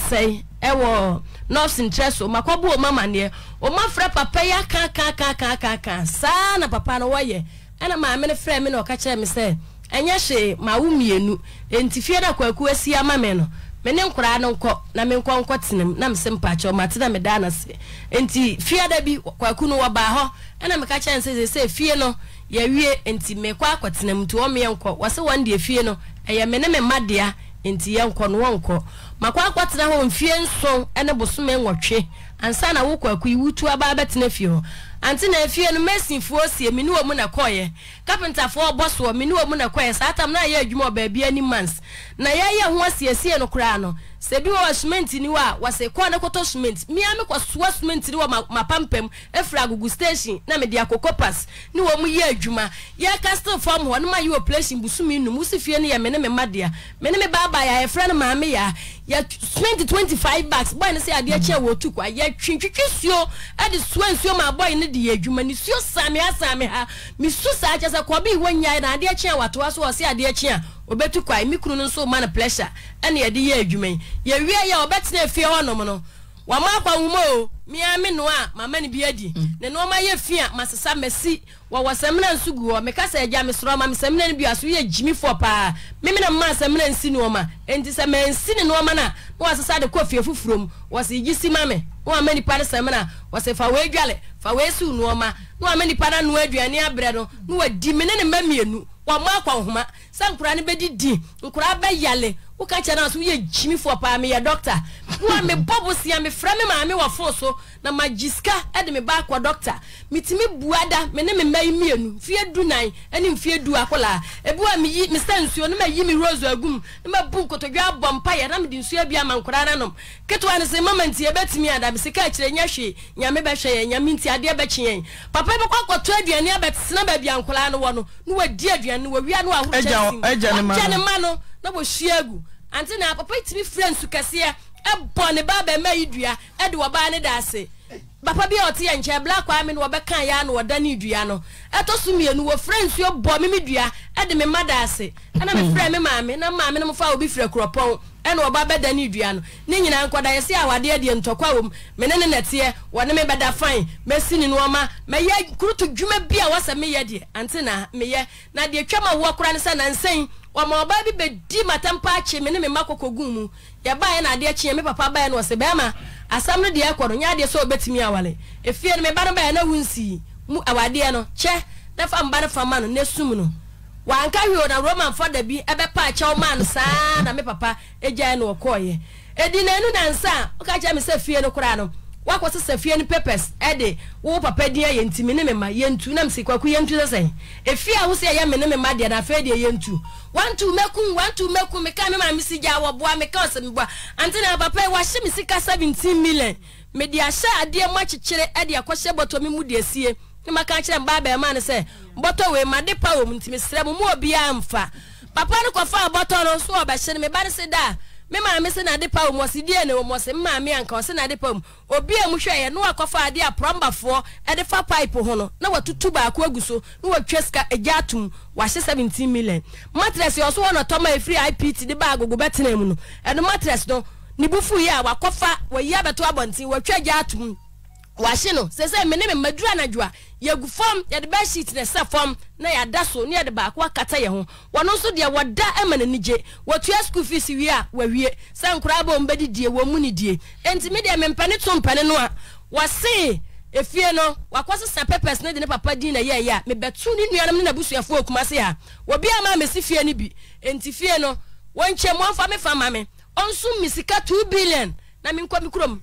ɛwɔ nurse nkyerɛ so makɔbu wɔn o ma afrɛ papa yi akaakaakaakaaka saa na papa no wɔyɛ ɛna maame no frɛ mi na ɔka kyerɛ mi sɛ ɛnyɛ hwee maawu mmienu nti fie na kwaku asi ama mi no me ne nkoraa no nkɔ na me nkɔ nkɔ tena mu na me se mpakyɛ ɔmo ate na me da se nti fie da bi kwaku no wɔbaa hɔ ɛna meka kyerɛ nsɛ sɛ sɛ fie no wie nti mekɔ akɔtena mu nti wɔn mmeɛ nkɔ wɔsɛ wɔn deɛ fie no ɛyɛ me ne me mma dea nti yɛnkɔ no wɔnkɔ makwa tena hɔ mfie nson ne bosome nwɔtwe ansa na wokɔ akɔ iwu tu abaa bɛtena fie hɔ ante na efie no mesinfoɔ sie me ne na kɔɔyɛ kapentafoɔ bɔ soɔ me ne wɔ na kɔɔyɛ saa tam na yɛ adwuma wɔ baabi anim mans na yɛyɛ ho asiesie no koraa no sɛ bi wɔ cement ni hɔ a wɔsɛ kɔɔ ne kɔtɔ cement mmea mi kɔ soɔ cement ni wɔ mapampam efiri agogo station na mɛ de koko pass ne wɔn yɛ adwuma yɛ castle farm hɔ ne ma yɛ operation busumi num wusi fie ne yɛ mɛ ne mɛ ma dea mɛ ne mɛ baaba yɛ ayɛfrɛ ne maame yɛ yɛ cement twenty five bags bɔyɛ ne se adeɛ kyɛn wɔ tu kwa yɛ twi twitwi suo ɛde soɔ nsuo ma bɔyɛ ne de yɛ adwuma ne suo saame ha saame ha mi su saa kyɛ sɛ kɔbi wɔ nyaa na adeɛ kyɛn wɔ atoa so wɔ sɛ adeɛ kyɛn obɛtu kae me kno no nso woma no pressure ne ɛde yɛ adwuma yɛwie yɛ ɔbɛtena afie hɔ nom no maka woma meame no mamane bi adi mm. nenoɔma yɛ fia masesa mai ɔ smina masa mem wɔn akɔ nhoma sɛ nkura no bɛdidi nkura bɛyale woka kyɛ no a so woyɛ gyimifoɔ paa meyɛ dɔkta woa mebɔ bo sea mefrɛ me maame wɔ fo so na magye sika de me ba akɔ dɔkta metumi bua da me ne me yi mmienu mfeɛ du ne mfeɛ du akolaa ebi a meyi mesa nsuo ne mayi me rose agum ne mabu nkotodwe abɔ mpayɛ na mede nsuo bi ama nkora no nom ketewa no sɛ mama nti yɛbɛtumi ada me sika akyerɛ nyɛ hwee nyame bɛhwɛ yɛn nyame nti adeɛ bɛkye yɛn papa bɛkɔ akɔto aduane abɛtena baabi a nkora no wɔ no ne wadi aduane no wawia no wahorokyɛ ne ma no na wɔsua agu anti na papa tumi fira nsu kɛseɛ ɛbɔ ne ba bɛma yi dua ɛde wɔbaa ne da ase papa bi a ɔte yɛ nkyɛn black ami na wɔbɛka ya na wɔda ne dua no ɛtɔ so mmienu wɔfira nsuo bɔ mimi dua ɛde me ma da ase ɛna mefira me maame na maame no mo fa obi fira kuropɔn ɛna ɔba bɛda ne dua no ne nyinaa nkɔda yɛsi awadeɛ deɛ ntɔkwa wɔ mu mene ne nɛteɛ wɔne me bɛda fain mɛsi ne nneɛma mɛyɛ kurutu dwuma bi a wɔsɛ meyɛ deɛ ante na meyɛ na deɛ twɛm awoɔ kora ne sɛ nansɛn wɔma ɔbaa bi bɛdi matampa akye me ne me mma kɔkɔ gu mu yɛbaeɛ na adeɛ kyeɛ me papa baeɛ no ɔsɛ bɛrima asɛm no deɛ ɛkɔ no nyɛ adeɛ sɛ ɔbɛtumi awale efie no me no baeɛ na wunsii mu awadeɛ no kyɛ na fa mba no fa ma no na no wanka hwee na roman fɔ bi ɛbɛpa akyɛw maa no saa na me papa egyae no wɔkɔɔyɛ edi n'anu na nsa a ɔka kyerɛ me sɛ fie no koraa no wakɔ sisa fie no papers ɛde wo papa din yɛ ntumi ne mema yɛntu nam si kwaku yɛntu sɛ sɛn efie a wosi ɛyɛ me ne mema deɛ na afei deɛ yɛntu wantu mɛku um, wantu mɛku um, meka me maame si gya wɔboa meka ɔsɛ meboa ante na papa yi wahyɛ me sika seventeen million mede ahyɛ adeɛ mu akyekyere ɛde akɔhyɛ bɔtɔ mi mu deɛ sie ne maka kyerɛ mbaa bɛrima no sɛ bɔtɔ wei ma de pa wɔ mu nti mesrɛ mu mu obiara mfa papa no kɔfa bɔtɔ no so ɔbɛhyɛ meba no se da me maame se na de pa wɔ mu ɔse die ne wɔ mu ɔse maame anka ɔse na pa wɔ mu obi a mu hwɛ yɛ no wakɔfa adeɛ a plɔmbafoɔ ɛde fa pipe ho no na watutu baako agu so na watwa sika agya atom wahyɛ seventeen million matress yɛ ɔso hɔ na tɔma efiri ipt de ba agogo bɛtena mu no ɛno matress no ne bufu yɛ a wakɔfa wɔyi abɛto abɔnten watwa agya atom wahye no sɛ sɛ mene me maduru anadwo a yɛgu fam yɛde bɛ sheet ne sɛ fam na yɛada so ne yɛde baako akata yɛ ho wɔno nso deɛ wɔda ma n'ani gye wɔtua school fees wie a wawie sɛ nkoraa bɛ ɔmbɛdi die wɔn mu ne die enti me deɛ mempane to mpane no a wɔsee efie no wakɔ sesa papers ne de ne papa di na yɛ yɛ a mebɛtu ne nuanom ne n'abusuafoɔ okuma se ha obi ama amesi fie no bi enti fie no wɔn nkyɛn mu ɔnfa me fa ma me ɔnso mi sika two billion na me nkɔ mi kurom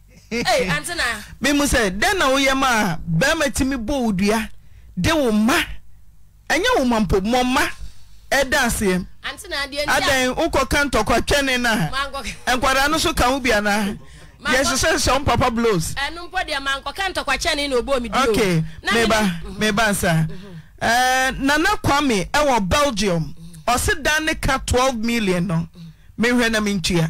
memu sɛ dɛn na woyɛ ma a bɛrima tumi bɔ dua de mma ɛnyɛ wo ma mpo mɔmma ɛda aseɛm adɛn wokɔka ntɔkwa twɛne no a nkwadaa ka ho bianaa yɛhyehyɛ hyɛ wo ok mhm. meba nsa mhm. eh, nana kwame belgium mhm. dan ne ka million na mentua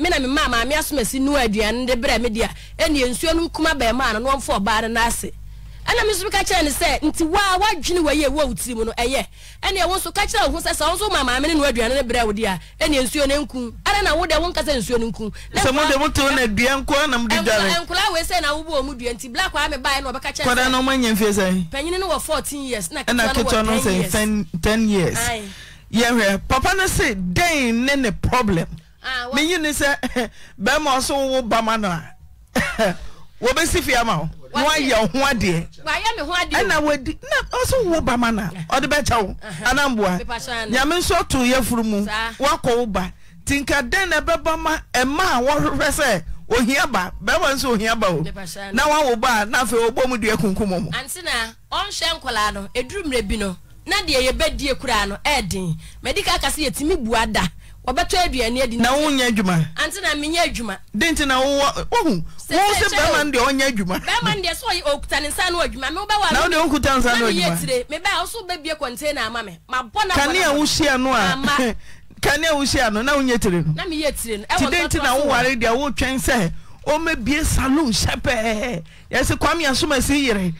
me na me ma maame asomasi nua aduane de brɛ me deɛ ɛne nsuo no kuma bɛɛma no na ɔmfa ɔbaa no n'ase ɛna me nso bi ka kyerɛ ne sɛ nti waa wadwene wɔ yie wɔ wo tirim no ɛyɛ ɛne ɛwo nso ka kyerɛ wo ho sɛ sɛ wo ma maame ne no aduane no brɛ wo deɛ a nsuo no nku ara na wo deɛ wo nkasa nsuo no nku sɛ mo de mo tew na dua nko na mo de dware nkola we sɛ na wo bo mu dua nti black wa me bae na ɔbɛka kyerɛ kwada na ɔma nya sɛ panyini no wɔ 14 years na ketewa no wɔ 10 years yɛhwɛ papa no se dɛn ne ne problem menyi ne sɛ bɛrima ɔso wowo ba na no a si fia ma wo na wayɛ ho adeɛɛna wadi na ɔso wowo ba ma no a ɔde bɛkyɛ wo anamboa nyame nso ɔto yɛfuru mu woakɔ wo ba nti nka na ɛbɛba bama ɛma a wɔhwehwɛ sɛ ohia ba bɛrima nso ohia ba o na wawo ba a na afei wɔbɔ mu dua kunkum mu antina ɔnhwɛ nkɔlaa no ɛduru mmerɛ bi no na deɛ yɛbɛdie koraa no ɛɛden medika ka sɛ yɛtumi bua ada. wɔbɛtɔ aduane adi na wonyɛ adwuma ante na menyɛ adwuma dị na wowɔ wohu wo sɛ bɛrima no ɔnyɛ adwuma ne nsa no adwuma na wode wokuta nsa no adwuma tire mebɛa wo so na kanea a kanea na wonyɛ tire no na meyɛ tire no deɛ sɛ pɛɛ kwame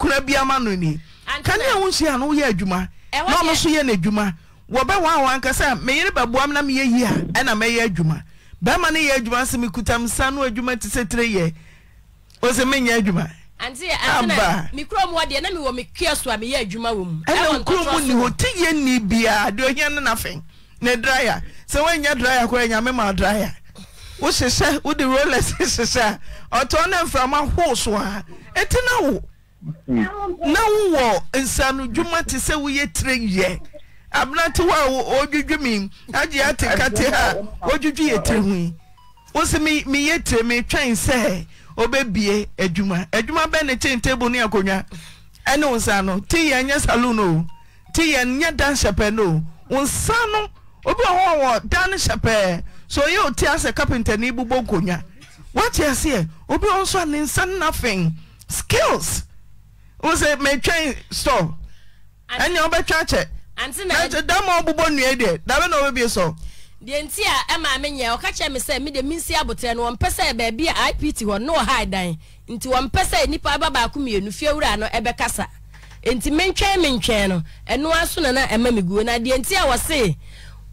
na bi ama no ni kanea adwuma na yɛ n'adwuma wobɛwaka sɛ meyere baboa m na meyɛ yi na mɛyɛ adwuma bma ne yɛ awuma sɛ mekuta nsano adwuma te sɛ tr s meyɛ dumhosoa ti na o mm. ne wowɔ nsa no dwuma te sɛ woyɛ tire yɛ abena te ho ɔdwudwa mi ase ate kate a wdudi ya tir ho ɛmeɛiɛ meta ɛ ɛa yp ɛ s capanne anti skillɛ meta s n obɛtwakyɛ nti da ma ɔbobɔ nnua deɛ da bɛ na ɔbɛbie sɔ deɛ nti a ɛma me nyɛ ɔka kyerɛ me sɛ mede mensi abotire no wɔmpɛ sɛ baabi a ipt hɔ ne ɔha dan nti wɔmpɛ sɛ nnipa ba baako mmienu fie wura no ɛbɛkasa nti mentwɛn mentwɛn no ɛno aso na na ɛma me guo na deɛ nti a wɔse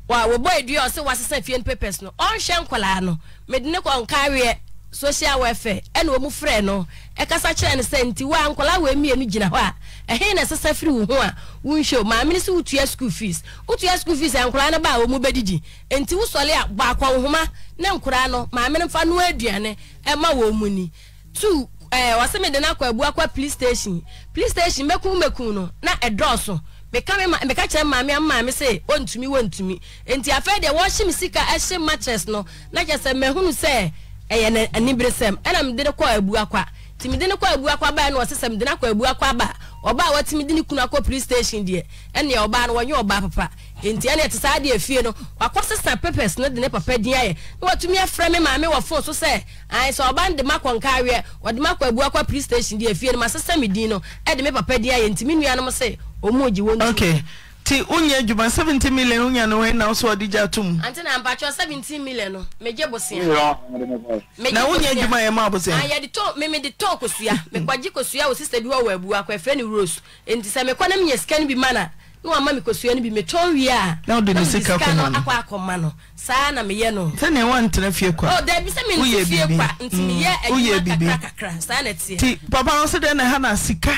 wa wɔbɔ edua ɔse wɔasesa fie no papers no ɔnhwɛ nkɔlaa no mede ne kɔ nkareɛ social welfare ɛna wɔn frɛ no ɛkasa kyerɛ no sɛ nti wa nkɔla wa mmienu gyina hɔ a ɛhɛn na ɛsesa firi wo ho a wunhyɛ o maame no sɛ wotua school fees wotua school fees a nkɔla no ba a wɔn bɛdidi nti wosɔle a baako ahoma ne nkɔla no maame no fa no aduane ɛma wɔn mu ni two ɛɛ eh, wɔsɛ mi de no akɔ abu akɔ police station police station mɛkun mɛkun no na ɛdɔɔso meka me ma meka kyerɛ maame ama maame sɛ wɔntumi wɔntumi nti afɛ deɛ wɔhyɛ mi sika ɛhyɛ mattress no na kyerɛ sɛ mɛhunu sɛ ɛyɛ ne anibresem sɛm ɛna mede ne kɔ abu akɔ a nti mede ne kɔ abu akɔ aba ɛna ɔsɛ sɛ mede ne akɔ abu akɔ aba ɔbaa a wɔtumi ne kunu akɔ police station deɛ ɛna oba no wɔnyɛ oba papa enti ɛna ɛte saa deɛ fie no wakɔ sesa papers no de ne papa din ayɛ na watumi afrɛ me maame wɔ phone so se ayi so oba no de ma kɔ nkaaweɛ wɔde ma kɔ abu akɔ police station deɛ fie no ma sesa me din no ɛde me papa din ayɛ enti me nua no mo sɛ ɔmo gyi okay ti unye juma 70 million wonya no we na wo sɛ ɔde gya to mu ante na mpatwɔ 17 million no meje bosia na wonya adwuma yɛ ma abosea ah, yɛde tɔ memede tɔ kosua mekwagye kosua wo sister bi hɔ wɔ abu akɔ ɛfrɛ ne rose enti sɛ mekɔ na menya sika bi mana na na wama me kosua no bi metɔn wie a na wode ne sika no akɔ akɔma no saa na meyɛ no sɛnea woantena fie kwa debi oh, dabi sɛ mente fie kwa nti meyɛ mm. adwuma kakra kakra saa na ti papa wo sɛ dɛn na ɛha na sika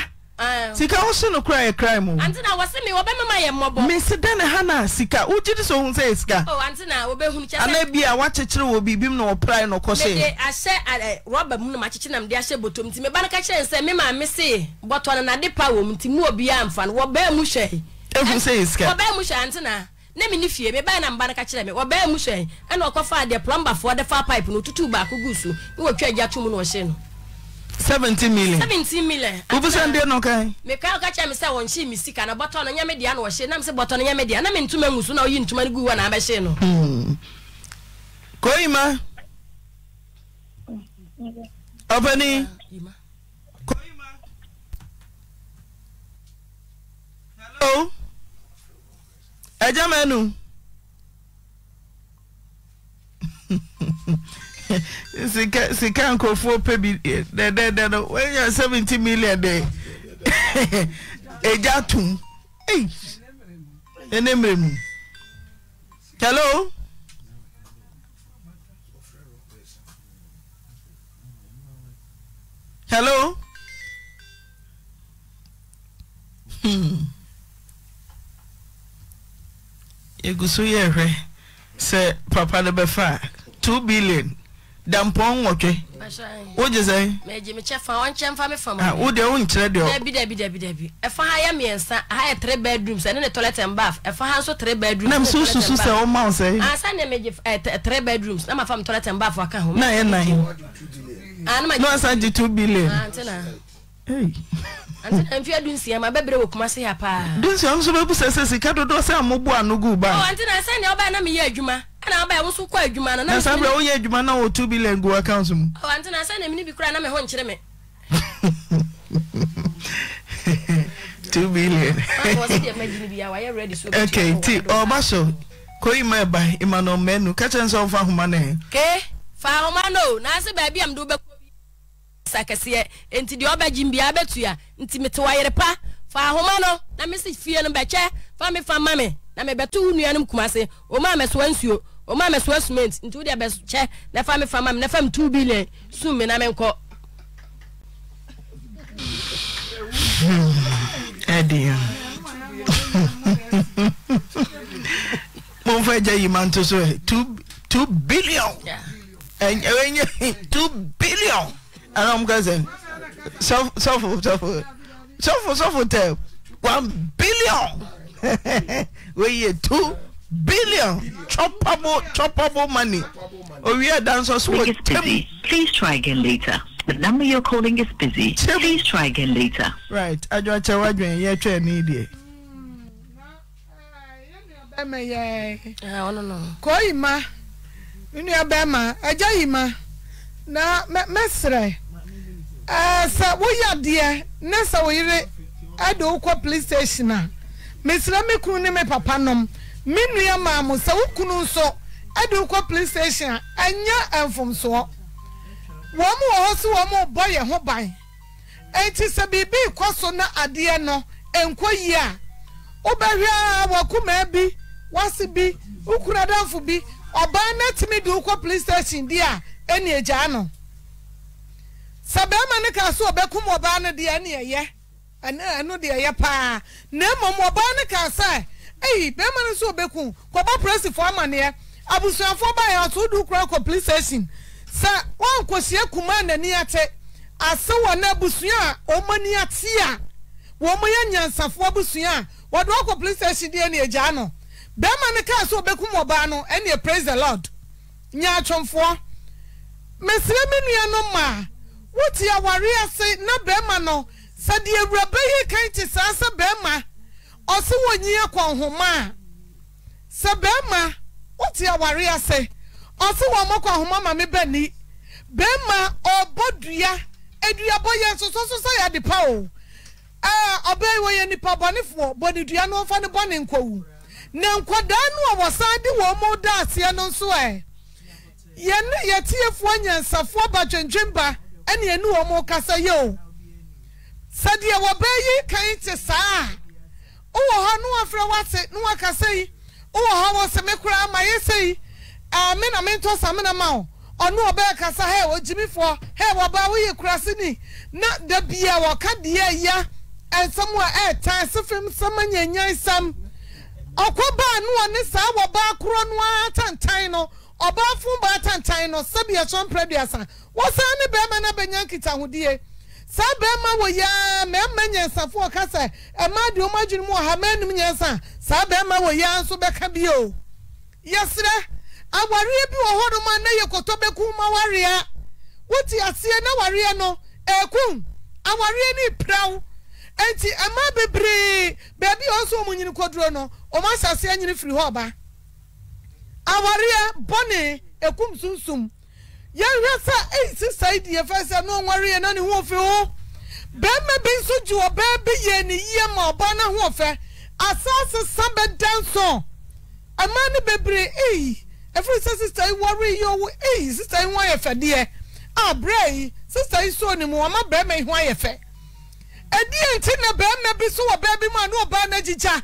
sika wo se no kora yɛ kra mu anti na wɔse me wɔbɛma ma yɛ mmɔbɔ mese dɛ ne sika wogye de sɛ ohun sɛ yɛ sika oh, ana bi a wakyekyere wɔ biribim na wɔprae no kɔ sɛ ahyɛ eh, eh, rɔba mu na makyekyere nam de ahyɛ bɔtɔ mu nti meba no ka kyerɛ sɛ me maame se bɔtɔ no nade pa wɔ mu nti mu obi mfa no wɔbaa mu hwɛ ɛhu sɛ yɛ sika wɔbaa mu hwɛ ante na ne me ne fie mebaa na mba no ka kyerɛ me wɔbaa mu hwɛ ɛna ɔkɔfaa deɛ plumberfoɔ de faa pipe no otutu baako gu so ne wɔtwa agya to mu na ɔhyɛ no seventeen million. seventeen million. wubusa ndi oh, na ọka. mika ọka kyerɛ mi sɛ wɔn nhyɛn mi sika na bɔtɔ no nyɛmɛ deɛ na wɔhyɛ nam sɛ bɔtɔ no nyɛmɛ deɛ na mi ntoma ngusu na oyi ntoma no gu hɔ hmm. na abɛhyɛ no. koyima. ɔpɛni. koyima. hello. ɛjá mɛnu. sika nkurɔfoɔ pɛ bi dɛdɛdɛ eh, no wɔnya seventy million de egya tum ei mmerɛ mu hello. hello. Hmm. yɛgu so yɛhwɛ sɛ papa no bɛfa two billion dampɔn nwɔtwe wogye sɛn. mɛgye mi kyɛ fa wɔn kyɛn fa mi fa ma. Ah, o de o de deɛ. dabi dabi dabi dabi ɛfa ha yɛ mmiɛnsa ha yɛ three bedrooms ɛne ne toilet and bath ɛfa ha nso three bedrooms. nam so susu sɛ o ma o sɛ. ansa ne mɛgye ɛ three bedrooms na ma fa mi toilet and bath waka ho. na yɛ nan. n'o san di two billion. Ah, mfe du nsia ma bɛbrɛ wɔ kuma se ha paa du nsia nso bɛbu sɛ sɛ sika dodoɔ sɛ amobu ano gu ba ɔnti oh, na sɛ nea ɔbaa na meyɛ adwuma ana ɔbaa wo so kɔ adwuma no na sa berɛ woyɛ adwuma na wɔ 2 billion gu account mu ɔnti oh, na sɛ na bi koraa na meho nkyere me 2 billion ah, okay nti ɔba so kɔyi ma ɛba ima no ɔma anu ka kyerɛ ahoma no ɛ fa ahoma no naase baabi a mede wobɛkɔ sakseɛ nti deɛ ɔbɛ gyimbiaa bɛtu a nti mtyere pa fa ahoma n n m fe bɛkyɛ fa mfa ma m nɛto naassa st billionmnf ana m kẹsẹ sọfù sọfù sọfù sọfù tẹ one billion We yẹ two billion choppable choppable money Oh, we are dancers. wọ́n Please try again later. The number you're calling is busy. Tim. Please try again later. Right. I Ajo Achewaju and yeah, try need it. Ẹmẹ̀yẹ̀. Ẹ ọ̀nà náà. Kọ́ ìmá, inú ẹ bẹ́ẹ̀ ma, ẹ jẹ́ ìmá na mɛsrɛ ɛɛ eh, sɛ woyɛ adeɛ ne sɛ wo yere ɛde wokɔ police station a mesrɛ me kunu ne me papa nom me nua maa mo sɛ wo kunu nso ɛde police station a ɛnyɛ mfomsoɔ wɔn wɔ hɔ so wɔn bɔ yɛn ho ban eti sɛ biribi kɔ so na adeɛ no nkɔ yie a wobɛhwɛ a wɔkumaa bi wɔsi bi wokunu adanfo bi ɔbaa na de wokɔ police station di a ɛne agyaa no sɛ bɛrima no kaa so ɔbɛkum ɔbaa no deɛ ɛne ɛyɛ ɛno deɛ ɛyɛ paa na mmom ɔbaa no kaa sɛ ɛyi bɛrima no so ɔbɛkum kɔbɔ polisifoɔ amaneɛ abusuafoɔ baayɛ ɔtɔ odu kura kɔ police station sɛ wɔnkɔhyia kuma n'ani ate ase wɔ n'abusua a wɔn ani ate a wɔn yɛ nyansafoɔ abusua a wɔde ɔkɔ police station deɛ ne agyaa no bɛrima no kaa so ɔbɛkum ɔbaa no ɛne praise the lord nyaatwomfoɔ. mesịrị m nnuanụ ma wotu awari ase na barima no sadi ewuraba yi ka nkye saa sɛ barima ɔsi wonyie kɔnhoma a sɛ barima wotu awari ase ɔsi wɔn mo ma maame bɛni barima ɔbɔ dua eduabɔ yɛ soso soso yɛ adepa o ɛɛ ɔbɛn yi wɔyɛ nipa bɔnifoɔ bɔni dua no wɔfa ne bɔni nkɔwu na nkwadaa no a wɔsan de wɔn mo da aseɛ no nso ɛɛ. yɛn ne yɛtiefoɔ nyansafoɔ ba dwendwemba ɛne yɛn ne wɔn kasa yi o sɛdeɛ wɔbɛyi kan te saa wowɔ hɔ no wafrɛ wate no wakasa yi wowɔ hɔ wɔ sɛ me koraa ma yɛ yi ɛɛ me na me ntɔ sa me na ma o ɔno ɔbɛyɛ kasa hɛ ɔgyimifoɔ hɛ wɔbaa woyɛ kurase ni na dabi a wɔka deɛ ya nsɛm a ɛɛta ɛsɛfɛm nsɛm anyanyansɛm ɔkɔ baa no wɔ saa wɔbaa korɔ no ara tantan no. ɔbɔnfo baa tantan no sɛbi ɛsɔn pɛrɛduasa wɔsan ne bɛrima na bɛnya nkitahodie saa bɛrima wɔ yaa mɛrima nyɛnsa fo ɔka sɛ ɛmaa deɛ ɔmo mu saa yaa nso bi a na yɛ kɔtɔ bɛku ma wareɛ wote aseɛ na wareɛ no ɛɛkum ne a nyini awareɛ bɔne ekum sunsum yɛhwɛ sɛ eyi sisa yi deɛ fɛ sɛ no ɔnwareɛ na ne ho fi ho bɛrima bi nso gye ɔbaa bi yɛ ne yie ma ɔbaa na ho ɔfɛ asaase eh, san bɛ dan so ɛmaa ne bebree eyi efiri sɛ sisa yi wɔre yi ɔwɔ eyi sisa yi ho ayɛ fɛ deɛ a brɛ yi sisa yi so ne mu ɔma bɛrima yi ho ayɛ fɛ ɛdi yɛn na bɛrima bi so wɔ bɛɛ bi mu a ne ɔbaa na gyigya.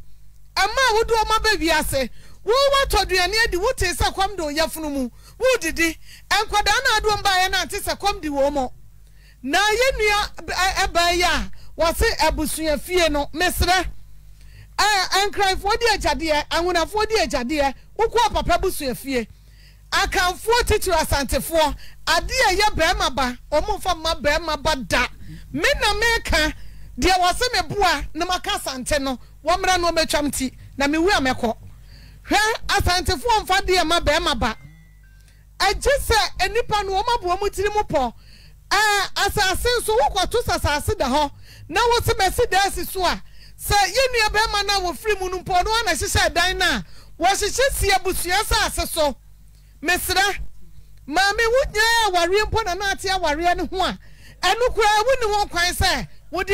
ɛma a wode ɔma ba wiase wowatɔ aduane adi wote sɛ kɔm de oyafunu mu wodidi nkwadaa na adom baeɛ no ante sɛ kɔm de wɔ mɔ na yɛ nnua ɛbaa yi a wɔse abusua fie no meserɛ e, nkranfoɔ di agyadeɛ anwonafoɔ di agyadeɛ wokɔɔ papa busua fie akanfoɔ titiri asantefoɔ adeɛ ɛyɛ bɛrima ba ɔmomfa mma bɛrima ba da me na meka deɛ wɔse me boa na maka asante no wɔn mmerɛ no ɔmɛtwa m ti na mewu a mɛkɔ hwɛ asantefoɔ mfa deɛ ma bɛrima ba agye sɛ nipa no wɔn aboɔ mu tiri mu pɔ ɛɛ asase nso wokɔto sasaase da hɔ na wosi bɛsi da esi so a sɛ yɛnua bɛrima no a wɔfiri mu no mpo no ana hyehyɛ dan no a wɔhyehyɛ si abusua saase so mesrɛ maame wo nyinaa awareɛ na naate awareɛ no ho a ɛno koraa wo ne wɔn kwan sɛ wode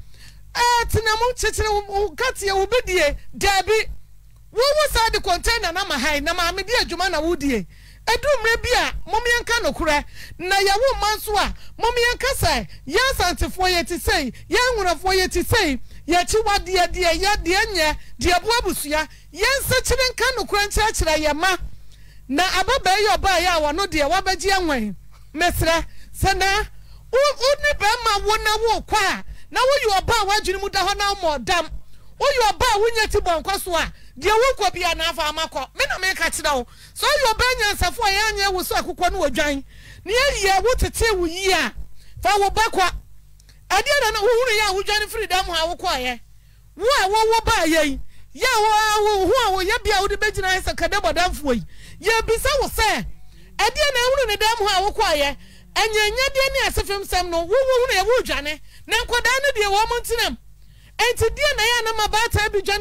Eh, tena mu kyekyere ka teɛ wo bɛdie daabi wowo saa de kɔntɛna na ma hae na maame de adwuma na wodie ɛduru mmerɛ bi a momeɛnka nokorɛ na yɛwo mma nso a momeɛnka sɛ yɛn asantefoɔ yɛ te sei yɛn nwurafoɔ yɛ te sei yɛkyi wa deɛ deɛ yɛ deɛ nyɛ deɛ boa abusua yɛn nsakyere nka nokorɛ nkyerɛkyerɛ yɛ ma na ababaa yɛ ɔbaa yɛ a wɔno deɛ wabɛgye ɛwɛn mesrɛ sɛ na wo ne bɛrima wo na wo kɔ a na woyɛ ɔba a woadwene mu da hɔ na woma ɔdam woyɛ ɔba a wonya ti bɔnkɔ so a deɛ bi bia na afa amakɔ me na meka kyerɛ wo sɛ woyɛ ɔba nyansafo a yɛanyɛ wo so akokɔ no wɔdwan ne yɛyɛ wotete wo yie a fa wo bɛkɔ adeɛ na no wohunu yɛ a wodwane firi dam a wokɔɔyɛ wo a wɔwɔ baa yɛ yi yɛ a wo ho a wɔyɛ bia wode bɛgyina sɛ kɛdɛ bɔdamfoɔ yi yɛbisa wo sɛ adeɛ na ɛhunu ne dam ho a wokɔɔyɛ ɛnyɛnyɛdeɛ ne asefem sɛm no wowo hu na yɛwo dwane na nkwadaa no deɛ wɔ mo ntenam ɛnti deɛ na yɛ anam abaataa bi dwane